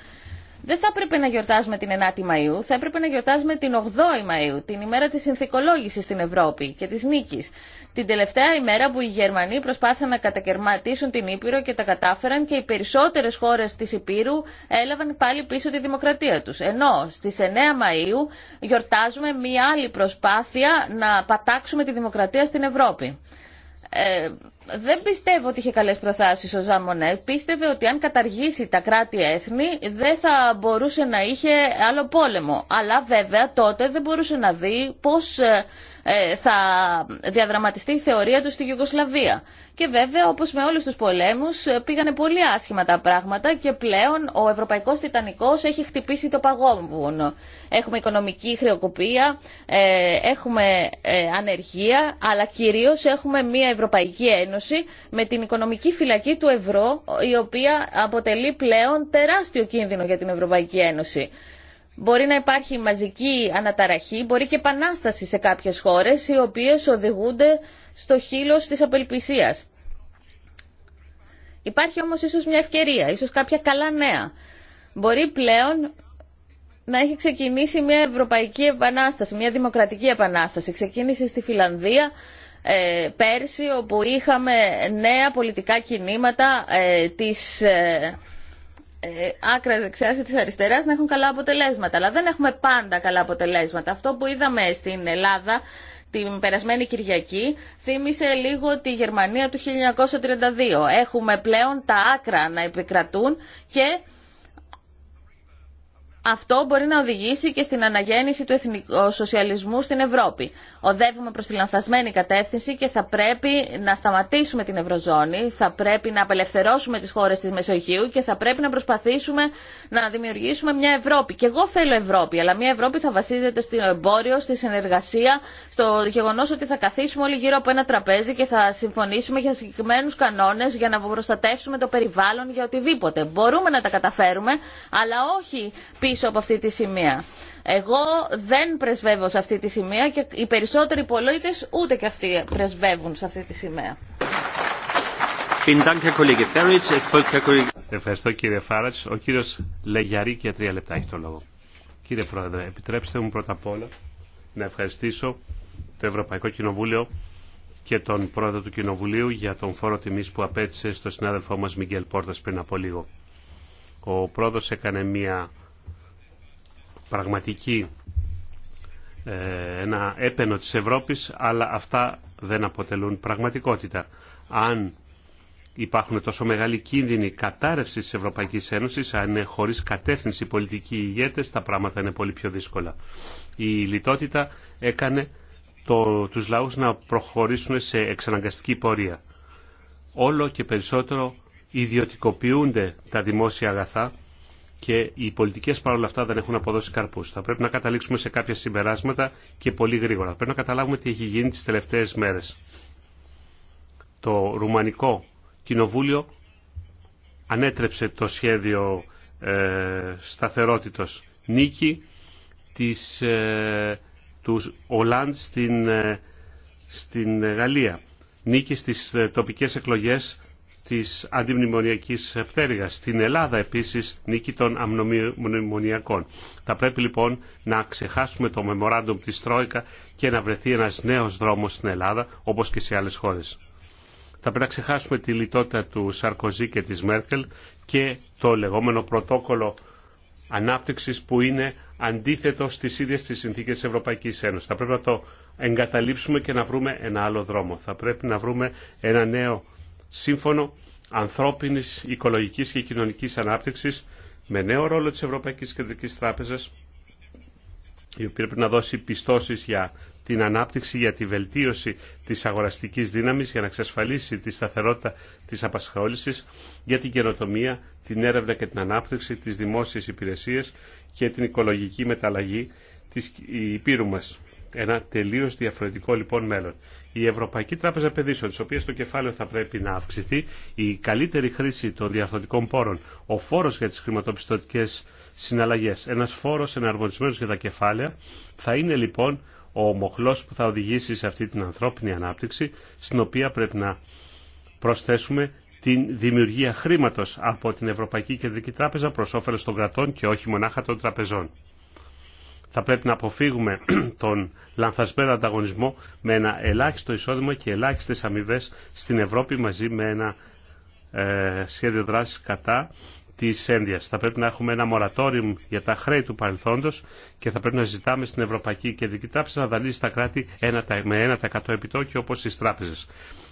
δεν θα έπρεπε να γιορτάζουμε την 9η Μαΐου, θα έπρεπε να γιορτάζουμε την 8η Μαΐου, την ημέρα της συνθηκολόγησης στην Ευρώπη και της νίκης. Την τελευταία ημέρα που οι Γερμανοί προσπάθησαν να κατακαιρματίσουν την Ήπειρο και τα κατάφεραν και οι περισσότερες χώρες της Ήπειρου έλαβαν πάλι πίσω τη δημοκρατία τους. Ενώ στις 9 Μαΐου γιορτάζουμε μια άλλη προσπάθεια να πατάξουμε τη δημοκρατία στην Ευρώπη. Ε, δεν πιστεύω ότι είχε καλές προθάσεις ο Ζαμονέ. Πίστευε ότι αν καταργήσει τα κράτη-έθνη δεν θα μπορούσε να είχε άλλο πόλεμο. Αλλά βέβαια τότε δεν μπορούσε να δει πώς ε, ε, θα διαδραματιστεί η θεωρία του στη Γιουγκοσλαβία. Και βέβαια, όπως με όλους τους πολέμους, ε, πήγανε πολύ άσχημα τα πράγματα και πλέον ο Ευρωπαϊκός Τιτανικό έχει χτυπήσει το παγόβουνο. Έχουμε οικονομική χρεοκοπία, ε, έχουμε ανεργία, αλλά κυρίως έχουμε μια Ευρωπαϊκή Ένωση με την οικονομική φυλακή του ευρώ, η οποία αποτελεί πλέον τεράστιο κίνδυνο για την Ευρωπαϊκή Ένωση. Μπορεί να υπάρχει μαζική αναταραχή, μπορεί και επανάσταση σε κάποιες χώρες οι οποίες οδηγούνται στο χείλος της απελπισίας. Υπάρχει όμως ίσως μια ευκαιρία, ίσως κάποια καλά νέα. Μπορεί πλέον να έχει ξεκινήσει μια ευρωπαϊκή επανάσταση, μια δημοκρατική επανάσταση. Ξεκίνησε στη Φιλανδία ε, πέρσι όπου είχαμε νέα πολιτικά κινήματα ε, της... Ε, ε, άκρα δεξιά ή τη αριστεράς να έχουν καλά αποτελέσματα. Αλλά δεν έχουμε πάντα καλά αποτελέσματα. Αυτό που είδαμε στην Ελλάδα την περασμένη Κυριακή θύμισε λίγο τη Γερμανία του 1932. Έχουμε πλέον τα άκρα να επικρατούν και αυτό μπορεί να οδηγήσει και στην αναγέννηση του εθνικοσοσιαλισμού στην Ευρώπη. Οδεύουμε προς τη λανθασμένη κατεύθυνση και θα πρέπει να σταματήσουμε την Ευρωζώνη, θα πρέπει να απελευθερώσουμε τις χώρες της Μεσογείου και θα πρέπει να προσπαθήσουμε να δημιουργήσουμε μια Ευρώπη. Και εγώ θέλω Ευρώπη, αλλά μια Ευρώπη θα βασίζεται στο εμπόριο, στη συνεργασία, στο γεγονός ότι θα καθίσουμε όλοι γύρω από ένα τραπέζι και θα συμφωνήσουμε για συγκεκριμένους κανόνες για να προστατεύσουμε το περιβάλλον για οτιδήποτε. Μπορούμε να τα καταφέρουμε, αλλά όχι πίσω από αυτή τη σημεία. Εγώ δεν πρεσβεύω σε αυτή τη σημεία και οι περισσότεροι πολίτες ούτε και αυτοί πρεσβεύουν σε αυτή τη σημαία. Ευχαριστώ κύριε Φάρατς. Ο κύριος Λεγιαρή και τρία λεπτά έχει το λόγο. Κύριε Πρόεδρε, επιτρέψτε μου πρώτα απ' όλα να ευχαριστήσω το Ευρωπαϊκό Κοινοβούλιο και τον Πρόεδρο του Κοινοβουλίου για τον φόρο τιμής που απέτησε στο συνάδελφό μας Μιγγέλ Πόρτας πριν από λίγο. Ο Πρόεδρος έκανε μια πραγματική ε, ένα έπαινο της Ευρώπης, αλλά αυτά δεν αποτελούν πραγματικότητα. Αν υπάρχουν τόσο μεγάλοι κίνδυνοι κατάρρευσης της Ευρωπαϊκής Ένωσης, αν είναι χωρίς κατεύθυνση πολιτικοί ηγέτες, τα πράγματα είναι πολύ πιο δύσκολα. Η λιτότητα έκανε το, τους λαούς να προχωρήσουν σε εξαναγκαστική πορεία. Όλο και περισσότερο ιδιωτικοποιούνται τα δημόσια αγαθά και οι πολιτικές παρόλα αυτά δεν έχουν αποδώσει καρπούς. Θα πρέπει να καταλήξουμε σε κάποια συμπεράσματα και πολύ γρήγορα. πρέπει να καταλάβουμε τι έχει γίνει τις τελευταίες μέρες. Το Ρουμανικό Κοινοβούλιο ανέτρεψε το σχέδιο ε, νίκη της, ε, του Ολάντ στην, ε, στην Γαλλία. Νίκη στις ε, τοπικές εκλογές της αντιμνημονιακής πτέρυγας. Στην Ελλάδα επίσης νίκη των αμνομονιακών. Θα πρέπει λοιπόν να ξεχάσουμε το memorandum της Τρόικα και να βρεθεί ένας νέος δρόμος στην Ελλάδα όπως και σε άλλες χώρες. Θα πρέπει να ξεχάσουμε τη λιτότητα του Σαρκοζή και της Μέρκελ και το λεγόμενο πρωτόκολλο ανάπτυξης που είναι αντίθετο στις ίδιες τις συνθήκες της Ευρωπαϊκής Ένωσης. Θα πρέπει να το εγκαταλείψουμε και να βρούμε ένα άλλο δρόμο. Θα πρέπει να βρούμε ένα νέο σύμφωνο ανθρώπινης, οικολογικής και κοινωνικής ανάπτυξης με νέο ρόλο της Ευρωπαϊκής Κεντρικής Τράπεζας η οποία πρέπει να δώσει πιστώσεις για την ανάπτυξη, για τη βελτίωση της αγοραστικής δύναμης, για να εξασφαλίσει τη σταθερότητα της απασχόλησης, για την καινοτομία, την έρευνα και την ανάπτυξη, τις δημόσιε υπηρεσίες και την οικολογική μεταλλαγή της υπήρου μας ένα τελείω διαφορετικό λοιπόν μέλλον. Η Ευρωπαϊκή Τράπεζα Επενδύσεων, τη οποία το κεφάλαιο θα πρέπει να αυξηθεί, η καλύτερη χρήση των διαρθρωτικών πόρων, ο φόρο για τι χρηματοπιστωτικέ συναλλαγέ, ένα φόρο εναρμονισμένο για τα κεφάλαια, θα είναι λοιπόν ο μοχλό που θα οδηγήσει σε αυτή την ανθρώπινη ανάπτυξη, στην οποία πρέπει να προσθέσουμε την δημιουργία χρήματο από την Ευρωπαϊκή Κεντρική Τράπεζα προ όφελο των κρατών και όχι μονάχα των τραπεζών. Θα πρέπει να αποφύγουμε τον λανθασμένο ανταγωνισμό με ένα ελάχιστο εισόδημα και ελάχιστες αμοιβέ στην Ευρώπη μαζί με ένα ε, σχέδιο δράσης κατά της ένδυας. Θα πρέπει να έχουμε ένα μορατόριο για τα χρέη του παρελθόντο και θα πρέπει να ζητάμε στην Ευρωπαϊκή Κεντρική Τράπεζα να δανείζει τα κράτη με 1% επιτόκιο όπω στις Τράπεζε.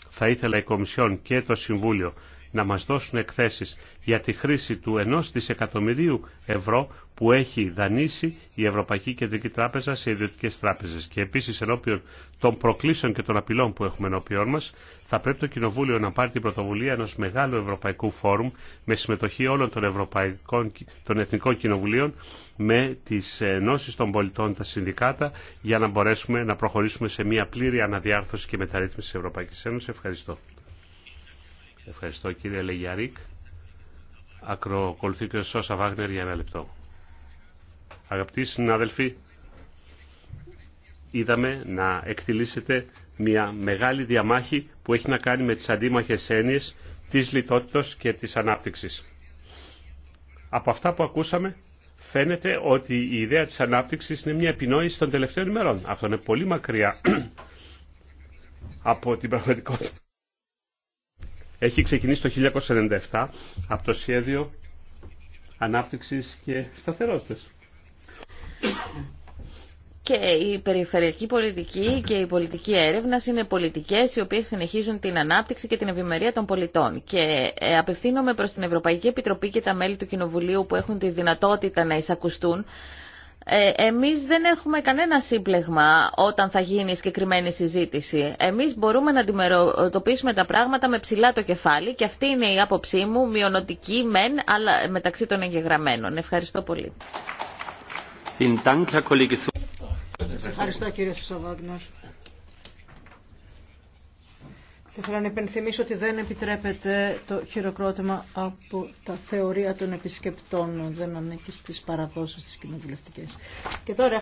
Θα ήθελα η Κομισιόν και το Συμβούλιο να μας δώσουν εκθέσεις για τη χρήση του ενός δισεκατομμυρίου ευρώ που έχει δανείσει η Ευρωπαϊκή Κεντρική Τράπεζα σε ιδιωτικές τράπεζες. Και επίσης ενώπιον των προκλήσεων και των απειλών που έχουμε ενώπιον μας, θα πρέπει το Κοινοβούλιο να πάρει την πρωτοβουλία ενός μεγάλου Ευρωπαϊκού Φόρουμ με συμμετοχή όλων των, Ευρωπαϊκών, των Εθνικών Κοινοβουλίων με τις ενώσεις των πολιτών, τα συνδικάτα, για να μπορέσουμε να προχωρήσουμε σε μια πλήρη αναδιάρθρωση και μεταρρύθμιση της Ευρωπαϊκής Ένωσης. Ευχαριστώ. Ευχαριστώ κύριε Λεγιαρίκ. Ακροκολουθεί και ο Σώσα Βάγνερ για ένα λεπτό. Αγαπητοί συνάδελφοι, είδαμε να εκτιλήσετε μια μεγάλη διαμάχη που έχει να κάνει με τις αντίμαχες έννοιες της λιτότητος και της ανάπτυξης. Από αυτά που ακούσαμε φαίνεται ότι η ιδέα της ανάπτυξης είναι μια επινόηση των τελευταίων ημερών. Αυτό είναι πολύ μακριά από την πραγματικότητα. Έχει ξεκινήσει το 1997 από το σχέδιο ανάπτυξης και σταθερότητας. Και η περιφερειακή πολιτική και η πολιτική έρευνα είναι πολιτικέ οι οποίε συνεχίζουν την ανάπτυξη και την ευημερία των πολιτών. Και ε, απευθύνομαι προ την Ευρωπαϊκή Επιτροπή και τα μέλη του Κοινοβουλίου που έχουν τη δυνατότητα να εισακουστούν ε, εμείς δεν έχουμε κανένα σύμπλεγμα όταν θα γίνει η συγκεκριμένη συζήτηση. Εμείς μπορούμε να αντιμετωπίσουμε τα πράγματα με ψηλά το κεφάλι και αυτή είναι η άποψή μου, μειονοτική μεν, αλλά μεταξύ των εγγεγραμμένων. Ευχαριστώ πολύ. Ευχαριστώ κύριε θα ήθελα να υπενθυμίσω ότι δεν επιτρέπεται το χειροκρότημα από τα θεωρία των επισκεπτών. Δεν ανήκει στις παραδόσεις τη κοινοβουλευτική. Και τώρα